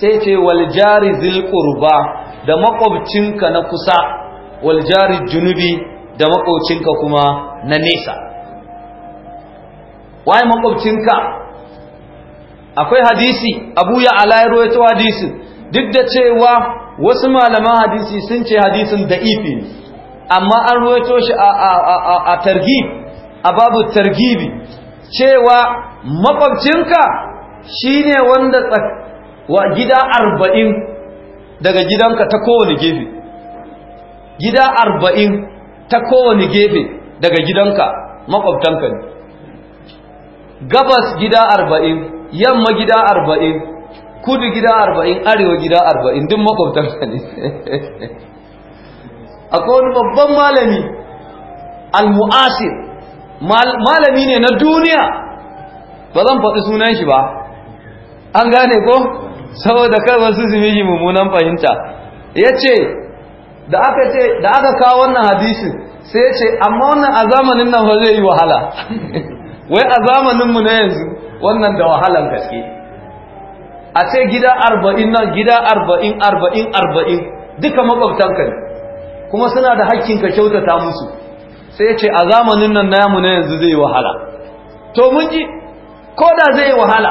sai ce wal jari zil qurba da makwabcinka na kusa wal jari junubi da makwabcinka kuma na nesa waye makwabcinka akwai hadisi abu ya ala ya rawaito hadisi duk da cewa wasu malaman hadisi sun ce hadisin da'ifi ne amma an ruwaito shi a targib a babu targibi cewa makwabcinka ne wanda wa gida arba'in daga gidanka ta kowane gefe gida arba'in ta kowane gefe daga gidanka makwabtanka ne gabas gida arba'in yamma gida arba'in kudu gida arba'in arewa gida arba'in duk makwabtanka ne akwai wani babban malami al-mu'asir malami ne na duniya ba zan faɗi sunan shi ba an gane ko saboda kai wasu su mummunan fahimta ya ce da aka kawo wannan hadisin sai ya ce amma wannan a zamanin nan ba zai yi wahala wai a zamaninmu na yanzu wannan da wahalan gaske a ce gida arba'in nan gida arba'in arba'in arba'in duka makwabtanka ne kuma suna da hakkinka kyautata musu sai ce a zamanin nan namu na yanzu zai wahala to mun ji ko da zai wahala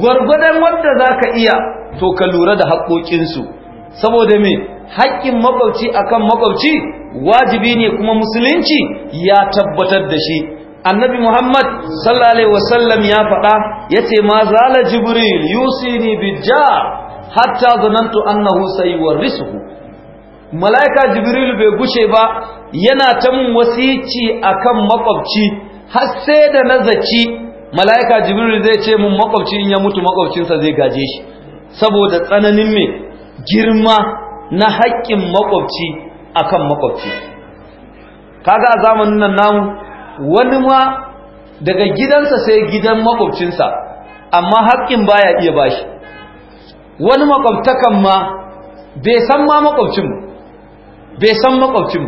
gwargwadon wanda za ka iya to ka lura da haƙoƙinsu saboda me haƙƙin makwabci kan makwabci wajibi ne kuma musulunci ya tabbatar da shi annabi muhammad sallallahu alaihi wasallam ya faɗa yace ma zala jibril yusini bijar hatta zanantu annahu sayuwarrisuhu malaika jibril bai gushe ba yana ta mun wasici akan makwabci har sai da na zaci malaika jibril zai ce mun makwabci in ya mutu makwabcinsa zai gaje shi saboda tsananin me girma na haƙƙin makwabci akan makwabci kaga a zamanin nan namu wani ma daga gidansa sai gidan makwabcinsa amma haƙƙin baya iya bashi wani makwabtakan ma bai san ma makwabcin bai san makwabcin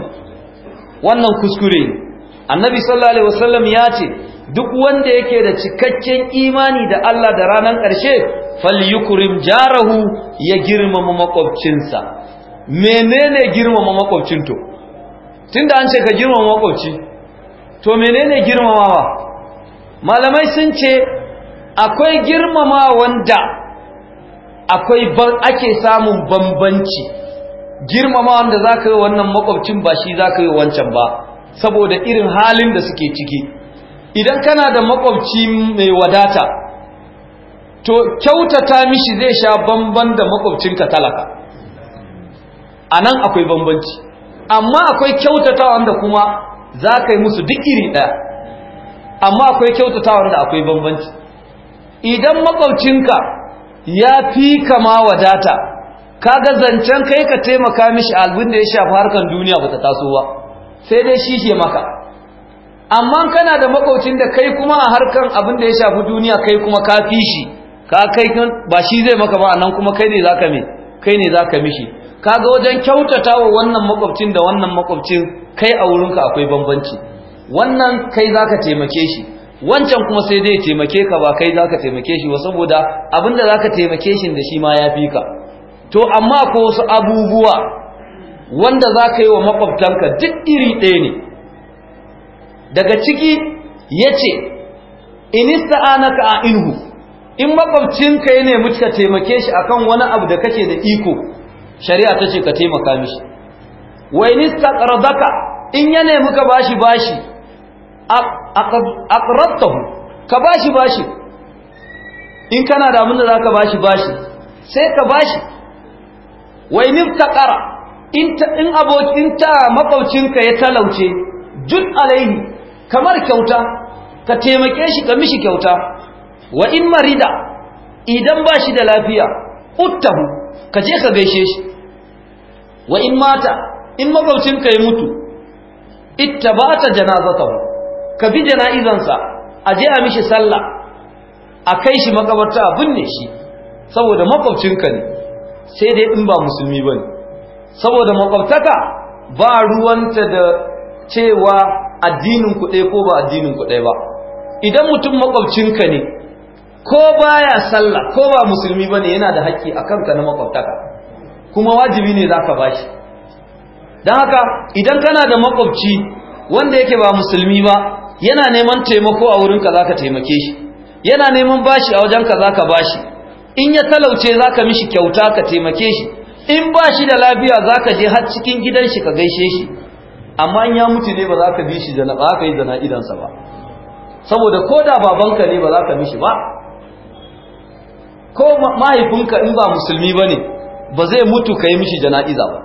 wannan kuskure ne annabi sallallahu alaihi wasallam ya ce duk wanda yake da cikakken imani da Allah da ranar ƙarshe falyukrim jarahu ya girmama makwabcinsa menene girmama makwabcin to tunda an ce ka girmama makwabci to menene girmamawa malamai sun ce akwai girmamawa wanda akwai ake samun bambanci girmamawa wanda zaka yi wannan makwabcin ba shi za yi wancan ba saboda irin halin da suke ciki idan kana da makwabci mai wadata to kyautata mishi zai sha bamban da makwabcinka talaka a nan akwai bambanci amma akwai kyautata wanda kuma za ka yi musu duk iri ɗaya amma akwai kyautatawan da akwai bambanci idan makaucinka ya fi kama wadata ga zancen kai ka taimaka mishi abin da ya shafi harkar duniya ba ta taso ba sai dai shi ke maka amma kana da makaucin da kai kuma a harkar abin da ya shafi duniya kai kuma ka fi shi ka kai ba shi zai maka ba nan kuma kai ne za kai ne za ka mishi kaga wajen kyautata wa wannan makwabcin da wannan makwabcin kai a wurinka akwai bambanci wannan kai zaka taimake shi wancan kuma sai dai taimake ka ba kai zaka taimake shi ba saboda abinda zaka taimake shi da shi ma ya fi ka to amma ko wasu abubuwa wanda zaka yi wa makwabtanka duk iri ɗaya ne daga ciki ya yace inista'anaka a inhu in makwabcinka ya nemi ka taimake shi akan wani abu da kake da iko shari'a ta ce ka taimaka mishi wa in istaqradaka in ya nemi ka bashi bashi aqradtahu ka bashi bashi in kana da abin da zaka bashi bashi sai ka bashi wa in istaqara in ta in abokin ta makaucinka ya talauce jud alaihi kamar kyauta ka taimake shi ka mishi kyauta wa in marida idan bashi da lafiya uttahu ka je ka gaishe shi wa in mata in magaucinka ya mutu ittabata janazata ka bi jana'izansa a je a mishi sallah a kai shi makabarta a binne shi saboda makwabcinka ne sai dai in ba musulmi bane saboda makwabtaka ba ruwanta da cewa addinin ku ko ba addinin ku ba idan mutum makwabcinka ne ko baya sallah ko ba musulmi bane yana da haƙƙi a kanka na makwabtaka kuma wajibi ne zaka bashi dan haka idan kana da makwabci wanda yake ba musulmi ba yana neman taimako a wurin wurinka zaka taimake shi yana neman bashi a wajen wajenka zaka bashi in ya talauce zaka mishi kyauta ka taimake shi in bashi da lafiya zaka je har cikin gidan shi ka gaishe shi amma in ya mutu ne ba za ka bi shi da na ba ka yi da idansa ba saboda ko da babanka ne ba za ka mishi ba ko mahaifinka in ba musulmi ba ne ba zai mutu ka yi mishi jana'iza ba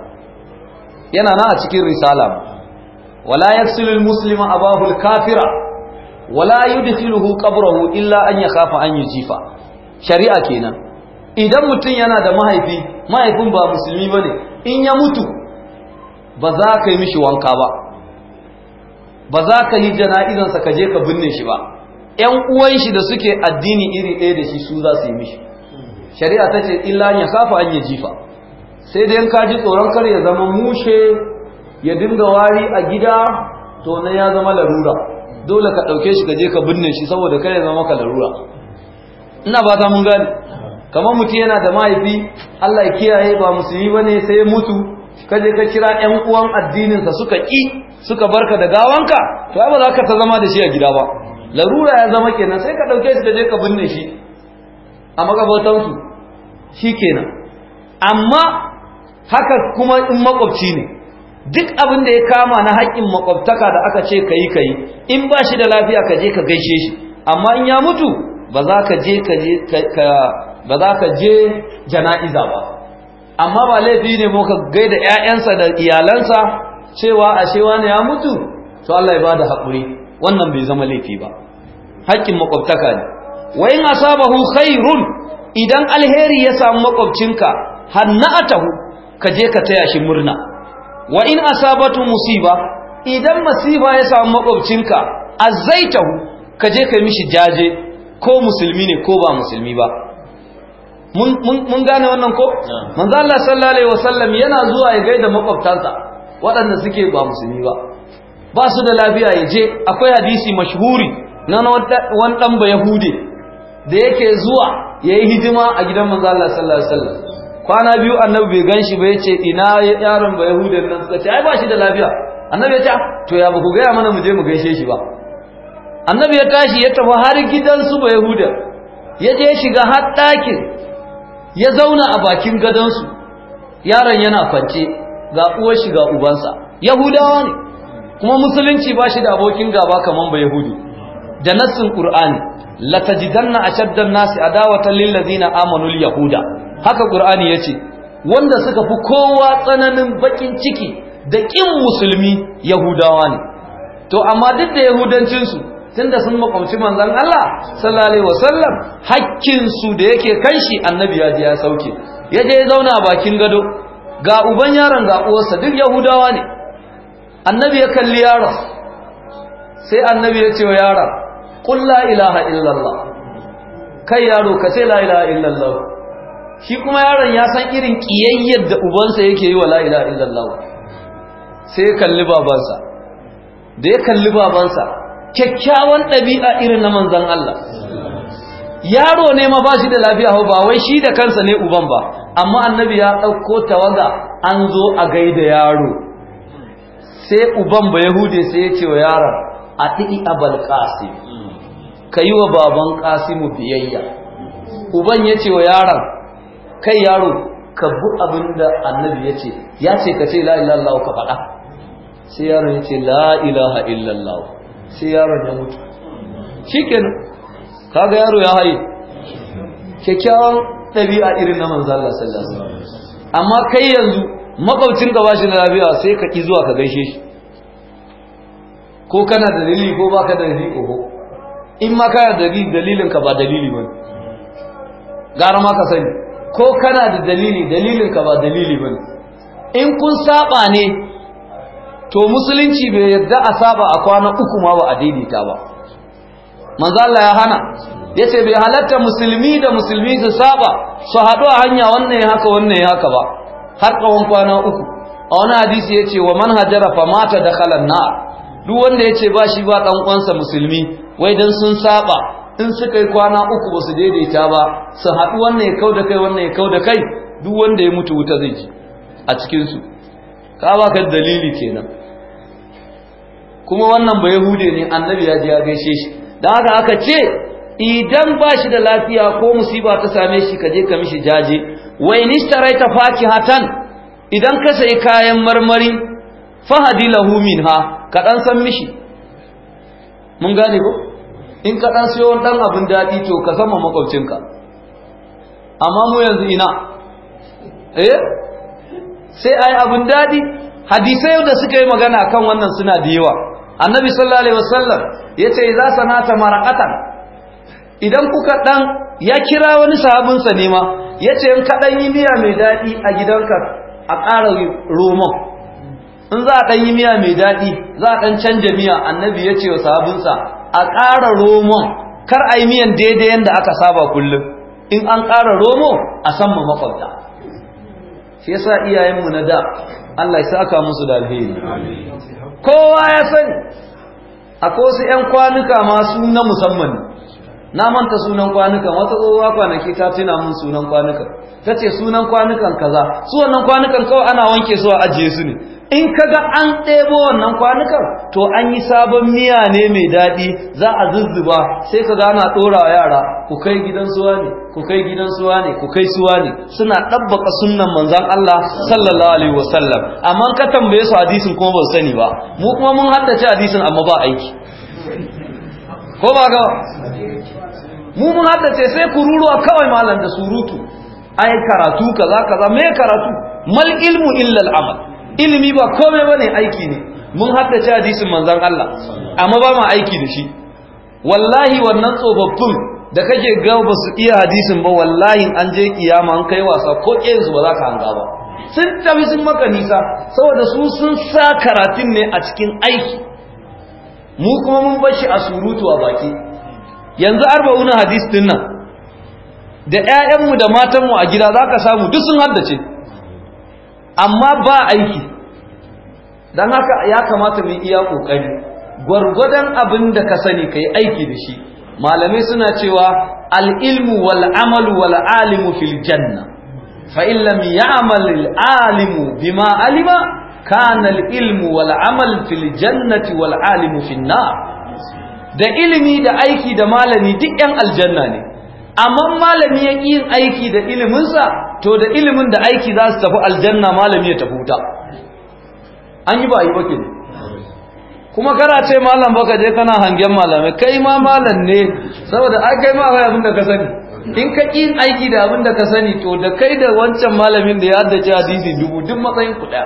yana na a cikin risala ba wala yaksilul muslima abahul kafira wala yudkhiluhu qabrahu illa an ya kafa an jifa, shari'a kenan idan mutum yana da mahaifi mahaifin ba musulmi ba ne, in ya mutu ba za ka yi mishi wanka ba ba za ka yi jana'izansa ka je ka binne shi ba ‘yan uwan shi da suke addini iri ɗaya da shi su za su yi mishi shari'a ta ce illa ya safa an ya jifa sai dai ka ji tsoron kar ya zama mushe ya dinga wari a gida to nan ya zama larura dole ka ɗauke shi ka je ka binne shi saboda kar ya zama ka larura ina ba ta mun gani kamar mutum yana da mahaifi Allah ya kiyaye ba musulmi ne sai ya mutu ka je ka kira yan uwan addininsa suka ƙi suka barka da gawanka to ai ba za ka ta zama da shi a gida ba larura ya zama kenan sai ka ɗauke shi ka je ka binne shi a magabotansu shi kenan amma haka kuma in makwabci ne duk abin da ya kama na haƙƙin makwabtaka da aka ce ka yi ka yi in ba shi da lafiya ka je ka gaishe shi amma in ya mutu ba za ka je jana'iza ba amma ba laifi ne mu ka gaida 'ya'yansa da iyalansa cewa a shewa ne ya mutu to Allah ya da haƙuri wannan bai zama laifi ba haƙƙin makwabtaka ne wa in asabahu khairun idan alheri ya samu makwabcinka hanna'atahu ka je ka taya shi murna wa in asabatu musiba idan masifa ya samu makwabcinka azaitahu ka je ka mishi jaje ko musulmi ne ko ba musulmi ba mun gane wannan ko manzo Allah sallallahu alaihi wasallam yana zuwa ya gaida makwabtansa waɗanda suke ba musulmi ba ba su da lafiya ya je akwai hadisi mashhuri na wani ɗan ba da yake zuwa ya yi hidima a gidan manzo Allah sallallahu alaihi wasallam kwana biyu annabi bai ganshi bai ce ina yaron ba yahudan nan suka ce ai ba shi da lafiya annabi ya ce to ya ba ku mana mu je mu gaishe shi ba annabi ya tashi ya tafi har gidan su ba yahuda ya je shiga har ɗakin ya zauna a bakin gadonsu yaron yana kwance ga uwar shi ga ubansa yahudawa ne kuma musulunci ba shi da abokin gaba kaman ba yahudu da nassin qur'ani latajidanna ashaddan nasi adawatan lil ladina amanu al yahuda haka qur'ani yace wanda suka fi kowa tsananin bakin ciki da kin musulmi yahudawa ne to amma duk da yahudancin su tunda sun makwamci manzon Allah sallallahu alaihi wasallam hakkin su da yake kanshi annabi ya ji ya sauke yaje ya zauna bakin gado ga uban yaron ga uwarsa duk yahudawa ne annabi ya kalli yaron sai annabi ya ce wa yaron qul ilaha illallah kai yaro ka ce la ilaha illallah shi kuma yaron ya san irin kiyayyar da ubansa yake yi wa la ilaha sai ya kalli babansa da ya kalli babansa kyakkyawan ɗabi'a irin na manzan Allah yaro ne ma ba shi da lafiya ba wai shi da kansa ne uban ba amma annabi ya ɗauko tawaga an zo a gaida yaro sai uban ba yahude sai ya ce wa yaron a ɗi'i abal ƙasim ka yi wa baban ƙasimu biyayya uban ya ce wa yaron kai yaro ka bu abin da annabi ya ce ya ce ka ce la ilallahu ka faɗa sai yaron ya ce la ilaha sai yaron ya mutu shikenan kaga yaro ya haye kyakkyawan ɗabi'a irin na manzala Allah sallallahu amma kai yanzu makwabcin ka bashi da labiya sai ka ki zuwa ka gaishe shi ko kana da dalili ko baka da dalili oho in ma kana dalili dalilin ka ba dalili ba gara ma ka sani ko kana da dalili dalilin ka ba dalili ba in kun saba ne to musulunci bai yarda a saba a kwana uku ma ba a daidaita ba manzo ya hana yace bai halatta musulmi da musulmi su saba su haɗu a hanya wannan ya haka wannan ya haka ba har tsawon kwana uku a wani hadisi yace wa man hajara fa mata dakhala an duk wanda yace ba shi ba dan uwansa musulmi wai dan sun saba in suka yi kwana uku ba su daidaita ba su haɗu wannan ya kau da kai wannan ya kau da kai duk wanda ya mutu wuta zai ji a cikinsu ka ba ka dalili kenan kuma wannan ba yahude ne annabi ya ji ya gaishe shi don haka aka ce idan ba shi da lafiya ko musiba ta same shi ka je ka mishi jaje wai nishtarai ta faki hatan idan ka sayi kayan marmari fahadi lahu minha ka dan san mishi mun gane ko in ka ɗan siyo ɗan abin daɗi to ka sama makwabcinka amma mu yanzu ina eh sai ai abin daɗi hadisai da suka yi magana kan wannan suna da yawa annabi sallallahu alaihi wasallam yace idza sanata maraqatan idan kuka ɗan ya kira wani sahabin sa ne ma yace in ka ɗan yi miya mai daɗi a gidanka a ƙara roman in za a ɗan yi miya mai daɗi za a ɗan canja miya annabi ya ce wa sahabinsa a ƙara romon kar a yi miyan daidai yadda aka saba kullum in an ƙara romo a san ma makwabta shi yasa iyayenmu na da Allah ya saka musu da alheri kowa ya sani a kosu 'yan kwanuka masu na musamman na manta sunan kwanukan wata tsohuwa kwanaki ta tuna mun sunan kwanukan ta ce sunan kwanukan kaza su wannan kwanukan kawai ana wanke su a ajiye su ne in kaga an ɗebo wannan kwanukan to an yi sabon miya ne mai daɗi za a zuzzuba sai kaga ana ɗora yara ku kai gidan suwa ne ku kai gidan suwa ne ku kai suwa ne suna ɗabbaka sunnan manzan Allah sallallahu alaihi wasallam amma ka tambaye su hadisin kuma ba su sani ba mu kuma mun haddace hadisin amma ba aiki ko ba ga mu mun haddace sai kururuwa kawai malam da surutu ai karatu kaza kaza me karatu mal ilmu illa al amal ilimi ba komai ne aiki ne mun haddace hadisin manzon Allah amma ba mu aiki da shi wallahi wannan tsofaffin da kake ga ba su iya hadisin ba wallahi an je kiyama an kai wasa ko kensu ba za ka hanga ba sun tafi sun maka nisa saboda su sun sa karatun ne a cikin aiki mu kuma mun bashi a surutu a baki yanzu arba'una hadis din nan da 'ya'yanmu da matanmu a gida za ka samu duk sun haddace amma ba aiki don haka ya kamata mu iya ƙoƙari gwargwadon abin da ka sani ka yi aiki da shi malamai suna cewa al'ilmu wal'amalu wal'alimu fil janna ya lam ya'amal al'alimu bima alima na al'ilmu wal'amal fil jannati wal'alimu fil na da ilimi da aiki da malami duk ‘yan aljanna ne amma malami ya yin aiki da iliminsa to da ilimin da aiki za su tafi aljanna malami ya tafi wuta an yi ba a yi ba ke ne. kuma kana ce malam baka je kana hangen malamai kai ma malam ne saboda a kai ma abin da ka sani in ka ƙi aiki da abin da ka sani to da kai da wancan malamin da ya haddace hadisi dubu duk matsayin kuɗa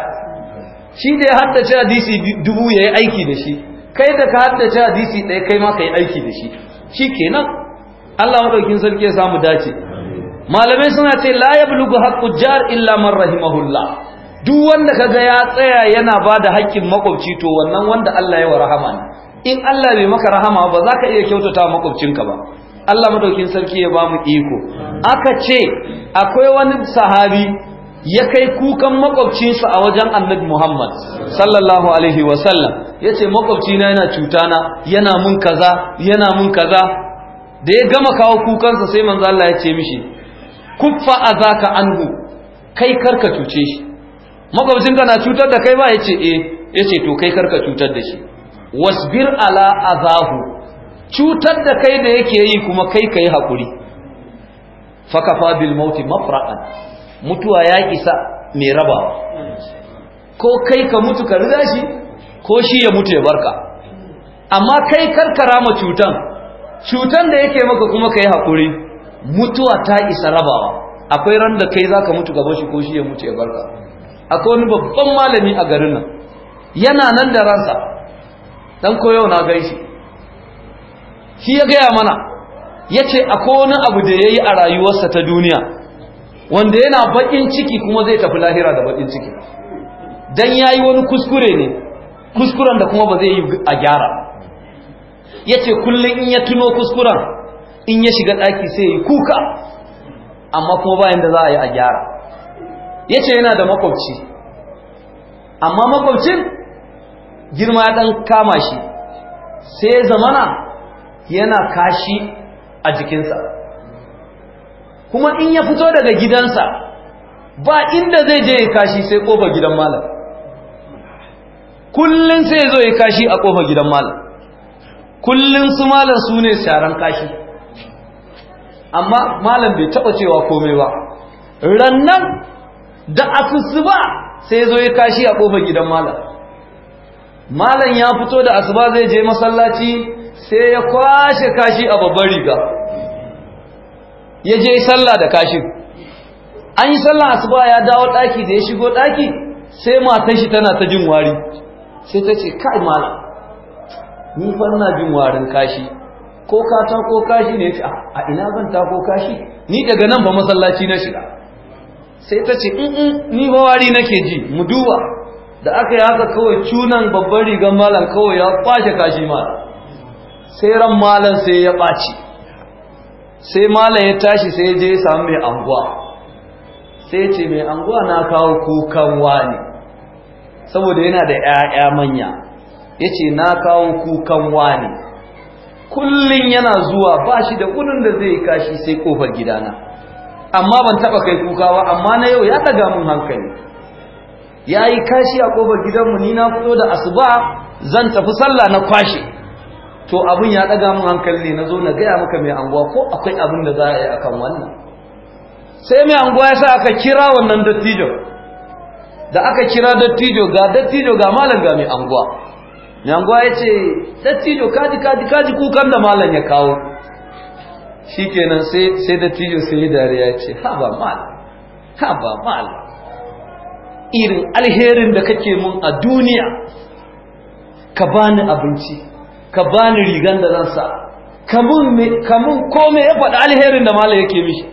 shi da ya haddace hadisi dubu ya yi aiki da shi kai da ka haddace hadisi ɗaya kai ma ka yi aiki da shi shi kenan Allah maɗaukin sarki ya samu dace malamai suna ce la yablughu haƙƙu jar illa man rahimahullah duk wanda ka ga ya tsaya yana ba da haƙƙin makwabci to wannan wanda Allah ya wa rahama ne in Allah bai maka rahama ba za ka iya kyautata makwabcinka ba Allah madaukin sarki ya ba mu iko aka ce akwai wani sahabi ya kai kukan makwabcinsa a wajen annabi Muhammad sallallahu alaihi wa sallam yace makwabcina yana cutana yana mun kaza yana mun kaza da ya gama kawo kukansa sai manzo Allah ya ce mishi kuffa ka anhu kai karka cuce shi ka na cutar da kai ba yace ya yace eh, to kai karka cutar da shi wasbir ala azahu cutar da kai da yake yi kuma kai ka yi haƙuri. fakafa bil mauti mafra'an mutuwa ya isa mai rabawa ko kai ka mutu ka riga shi ko shi ya mutu ya barka amma kai karkara ma cutan cutan da yake maka kuma yi haƙuri. mutuwa ta isa rabawa akwai ran da kai zaka mutu gaban shi ko shi ya mutu ya barka akwai wani babban malami a garin nan yana nan da ransa dan koyo na gaishe shi ya gaya mana yace akwai wani abu da yayi a rayuwarsa ta duniya wanda yana bakin ciki kuma zai tafi lahira da bakin ciki dan yayi wani kuskure ne kuskuren da kuma ba zai yi a gyara yace kullun in ya tuno kuskuren in ya shiga ɗaki sai ya kuka amma kuma bayan da za a yi a gyara ya ce yana da makwabci amma makwabcin girma ya ɗan kama shi sai zamana yana kashi a jikinsa kuma in ya fito daga gidansa ba inda zai je ya kashi sai ƙofar gidan malam kullum sai zo ya kashi a ƙofar gidan malam kullum su malam su ne sharan kashi amma malam bai taɓa cewa komai ba rannan da asusuba sai zo ya kashi a kofar gidan malam malam ya fito da asuba zai je masallaci sai ya kwashe kashi a babbar riga ya je sallah da kashin an yi sallah asuba ya dawo ɗaki da ya shigo ɗaki, sai matan shi tana ta jin wari sai ta ce kai malam ni fa ina jin warin kashi ko ka ta ko kashi ne ah, a ina zan ta ko kashi ni daga nan ba masallaci na shiga sai ta ce in mm, mm, ni hawari nake ji mu duba da aka yi haka kawai cunan babban rigar malam kawai ya kwashe kashi malam sai ran malam sai ya ɓaci sai malam ya tashi sai je ya samu mai anguwa sai ce mai anguwa na kawo kukan wani saboda yana da 'ya'ya manya ya ce na kawo kukan wani kullun yana zuwa ba shi da gudun da zai kashi sai kofar gidana amma ban taba kai kuka ba amma na yau ya daga mun hankali yayi kashi a kofar gidanmu ni na fito da asuba zan tafi sallah na kwashe to abin ya daga mun hankali ne nazo na gaya maka mai anguwa ko akwai abin da za a yi akan wannan sai mai anguwa ya sa aka kira wannan dattijo da aka kira dattijo ga dattijo ga malam ga mai anguwa yanguwa ya ce dattijo kaji kaji kaji kukan da malam ya kawo shi kenan sai dattijo sai yi dariya ya ce haba malam haba malam irin alherin da kake mun a duniya ka bani abinci ka bani rigan da zan sa kamun kome ya faɗi alherin da malam yake mishi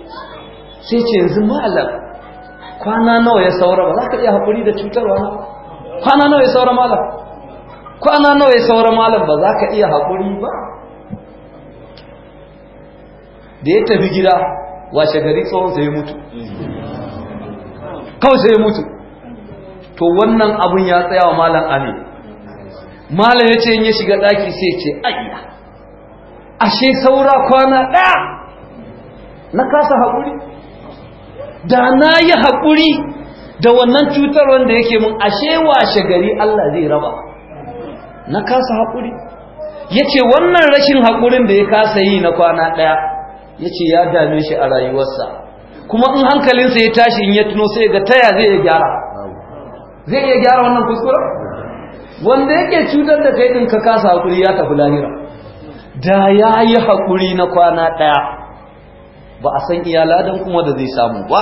sai ce yanzu malam kwana nawa ya saura ba za ka iya haƙuri da cutarwa kwana nawa ya saura malam kwana nawa ya saura malam ba za ka iya haƙuri ba da ya tafi gida washe gari tsohon sai ya mutu kawai sai ya mutu to wannan abun ya tsaya wa malam ame malam ya ce in ya shiga ɗaki sai ce ayya ashe saura kwana ɗaya na kasa haƙuri da na yi haƙuri da wannan cutar wanda yake mun ashe washe gari Allah zai raba na kasa haƙuri ya ce wannan rashin haƙurin da ya kasa yi na kwana ɗaya ya ce ya dame shi a rayuwarsa kuma in hankalinsa ya tashi in ya tuno sai ga taya zai iya gyara zai iya gyara wannan kuskuren wanda yake cutar da kai ɗin ka kasa haƙuri ya tafi lahira da ya yi haƙuri na kwana ɗaya ba a san iyala don kuma da zai samu ba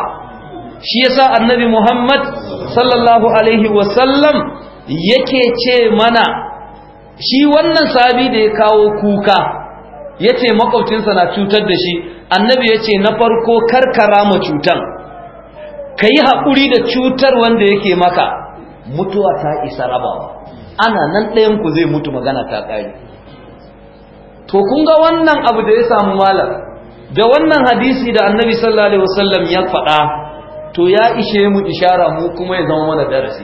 shi yasa annabi muhammad sallallahu alaihi wasallam yake ce mana shi wannan sahabi da ya kawo kuka ya ce makwabcinsa na cutar da shi annabi ya ce na farko karkara ma cutan ka yi haƙuri da cutar wanda yake maka mutuwa ta isa rabawa ana nan ɗayan ku zai mutu magana ta ƙari to kun ga wannan abu da ya samu malam da wannan hadisi da annabi sallallahu alaihi wasallam ya faɗa to ya ishe mu ishara mu kuma ya zama mana darasi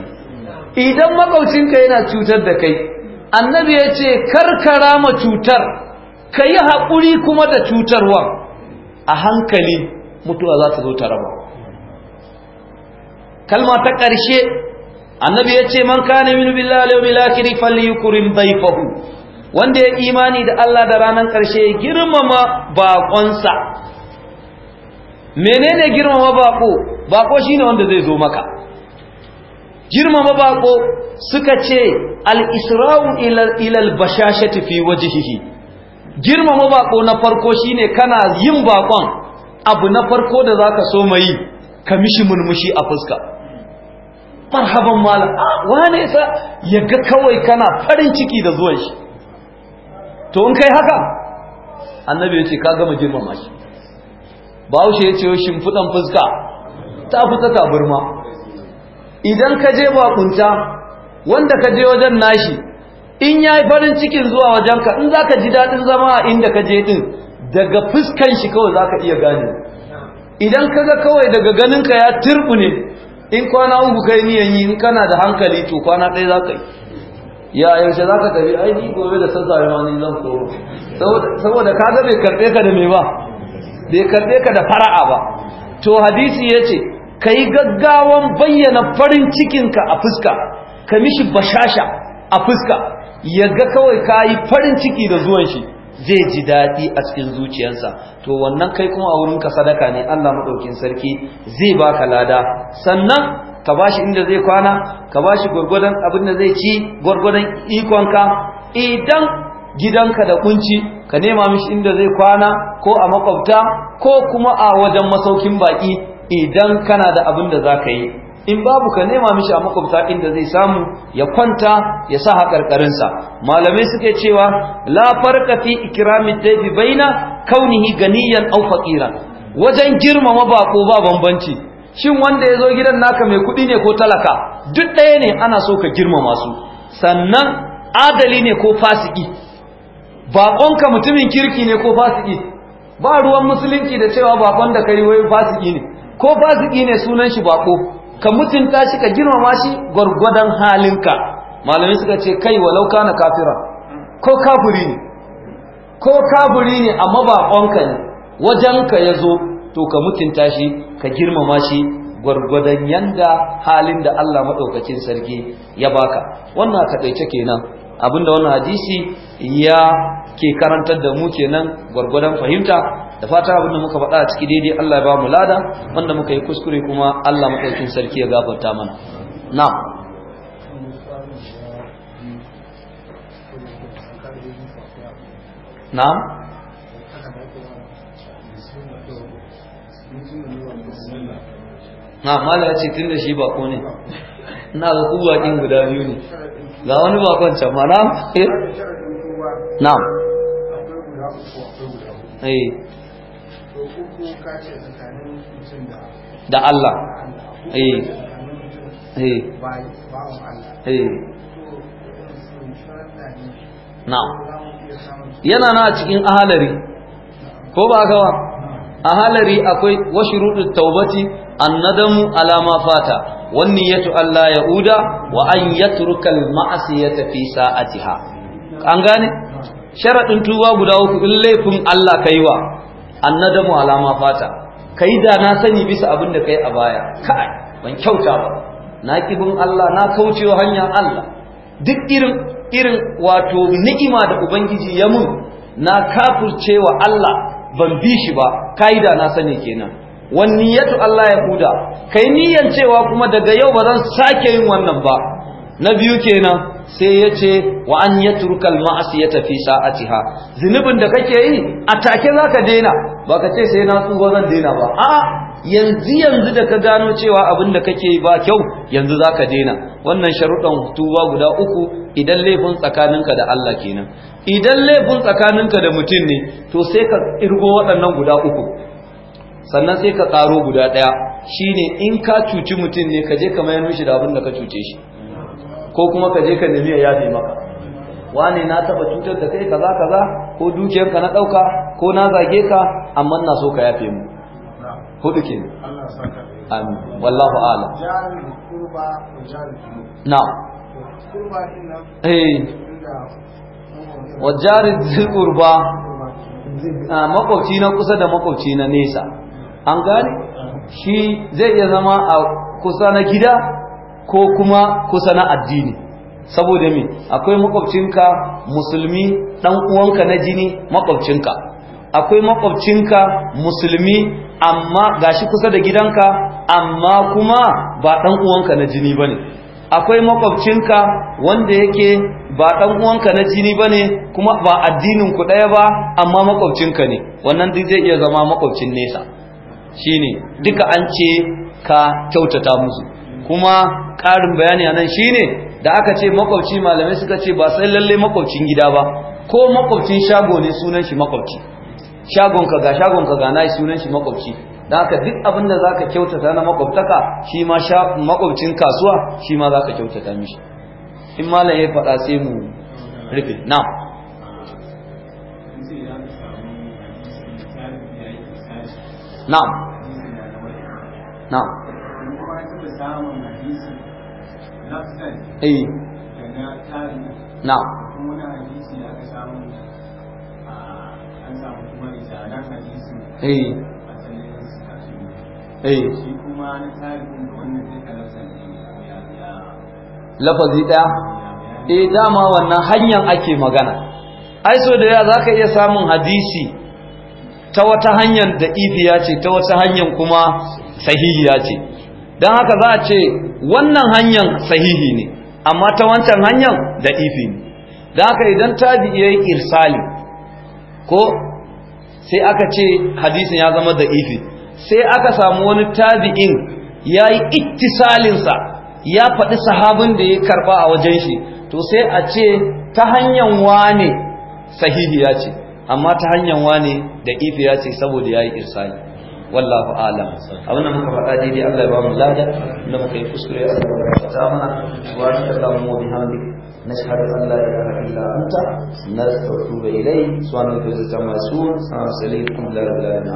idan makwacinka yana cutar da kai annabi ya ce karkara ma cutar ka yi haƙuri kuma da cutarwa a hankali mutuwa za ta zo ta raba kalma ta ƙarshe annabi ya ce man kane minu billahi wa milakiri falyukrim dayfahu wanda ya imani da Allah da ranar ƙarshe ya girmama baƙonsa menene girmama baƙo baƙo shi ne wanda zai zo maka girmama bako suka ce al-isra'u ila al-bashashati fi wajhihi girmama bako na farko shine kana yin bakon abu na farko da zaka so mai ka mishi murmushi a fuska marhaban malam ah, wane ya ga kawai kana farin ciki da zuwan shi to in kai haka annabi ce ka gama girmama shi bawo shi yace shimfidan fuska ta fita ta burma idan ka je bakunta wanda ka je wajen nashi in ya yi farin cikin zuwa wajenka in za ka ji daɗin zama a inda ka je ɗin daga fuskan shi kawai za ka iya gane idan ka ga kawai daga ganinka ya turbu ne, in kwana uku kai niyan yi in kana da hankali to kwana ɗaya za ka yi ya yaushe za ka tafi aiki gobe da sassafe ma ni zan koro saboda ka ga bai karɓe ka da mai ba bai karɓe ka da fara'a ba to hadisi ya ce ka yi gaggawan bayyana farin cikinka a fuska ka mishi bashasha a fuska ya ga kawai ka yi farin ciki da zuwan shi zai ji daɗi a cikin zuciyarsa to wannan kai kuma a wurin ka sadaka ne Allah maɗaukin sarki zai baka lada sannan ka bashi inda zai kwana ka bashi gwargwadon abin da zai ci gwargwadon ikonka idan gidanka da kunci ka nema mishi inda zai kwana ko a makwabta ko kuma a wajen masaukin baƙi. idan kana da abin da za ka yi in babu ka nema mishi a makwabta inda zai samu ya kwanta ya sa haƙarƙarinsa malamai suke cewa la farka fi ikrami daifi baina kaunihi ganiyan aw faqiran wajen girmama bako ba bambanci shin wanda ya zo gidan naka mai kuɗi ne ko talaka duk ɗaya ne ana so ka girmama su sannan adali ne ko fasiki baƙonka mutumin kirki ne ko fasiki ba ruwan musulunci da cewa baƙon da kai wai fasiki ne ko fasiki ne sunan shi bako ka mutunta shi ka girmama shi gwargwadon halinka Malami suka ce kai wa lauka kana kafira ko kafuri ne ko kafuri ne amma bakonka ne ka ya zo to ka mutunta shi ka girmama shi gwargwadon yanda halin da Allah maɗaukacin sarki ya baka wannan taƙaice kenan abinda wannan hadisi ya ke karantar da mu kenan gwargwadon fahimta da fata abin da muka faɗa a ciki daidai Allah ya ba mu lada wanda muka yi kuskure kuma Allah madaukakin sarki ya gafarta mana na na na mala ya ce tun da shi bako ne na ga kuwa ɗin guda biyu ne ga wani bakon can ma na na'am eh, eh. da Allah eh, eh. eh. yana na cikin ahalari ko ba haka ba ahalari akwai wa rudu taubati annadamu ala ma fata wan Allah ya yauda wa an ya yatruka ya tafi fi sa'atiha an gane sharaɗin tuba guda uku in laifin Allah kaiwa annadamu alama fata kai da na sani bisa abin da kai a baya kai ban kyauta ba na kibin Allah na kaucewa hanyar Allah duk irin irin wato ni'ima da ubangiji ya mun na kafircewa Allah ban bi shi ba kai da na sani kenan Wani wanniyatu Allah ya huda kai niyyan cewa kuma daga yau ba zan sake yin wannan ba na biyu kenan sai ya ce wa an ya turkal ya tafi sa'atiha zunubin da kake yi a take za ka daina ba ka ce sai na tsugo zan daina ba a yanzu yanzu da ka gano cewa abin da kake yi ba kyau yanzu za ka daina wannan sharuɗan tuba guda uku idan laifin tsakaninka da Allah kenan idan laifin tsakaninka da mutum ne to sai ka irgo waɗannan guda uku sannan sai ka ƙaro guda ɗaya shine in ka cuci mutum ne ka je ka mayar mishi da abin da ka cuce shi ko kuma ka je ka nemi ya yafe maka wane na taba cutar da kai kaza kaza ko dukiyarka na dauka ko na zage ka amma na so ka yafe mu hudu ke amin wallahu ala na'am eh wajarid zurba ah, na kusa da makwabci na nesa an gane mm. shi zai iya zama a kusa na gida ko kuma kusa na addini saboda me akwai makwabcinka musulmi dan uwanka na jini makwabcinka akwai makwabcinka musulmi amma gashi kusa da gidanka amma kuma ba dan uwanka na jini bane akwai makwabcinka wanda yake ba dan uwanka na jini bane kuma ba addinin ku daya ba amma makwabcinka ne wannan duk zai iya zama makwabcin nesa shine duka an ce ka kyautata musu kuma ƙarin bayani a nan shine da aka ce makwabci malamai suka ce ba sai lalle makwabcin gida ba ko makwabcin shago ne sunan shi makwabci ka ga ka ga nayi sunan shi makwabci da haka duk abin da zaka kyautata na makwabtaka shi ma makwabcin kasuwa shi ma zaka kyautata mishi in malam ya faɗa sai mu rufe na'am Na. samun hadisi eh da eh. na wannan lafazi ɗaya eh dama wannan hanyar ake magana ai so da yawa ka iya samun hadisi ta wata hanyar da ibiya ce ta wata hanyar kuma sahihiya ce don haka za a ce wannan hanyar sahihi ne amma ta wancan hanyar da ifi ne Dan haka idan tabi ya yi irsali ko sai aka ce hadisin ya zama da ifi sai aka samu wani tabi'in ya yi ittisalinsa ya faɗi sahabin da ya karɓa a wajen shi to sai a ce ta hanyar wane sahihi ya ce amma ta hanyar wane da ifi ya ce saboda ya yi irsali wallahu alam abinda muka faɗa daidai Allah ya ba mu lada inda muka yi kuskure a cikin ta mana subhanaka allahumma wa bihamdika نشهد أن لا إله إلا أنت نستغفرك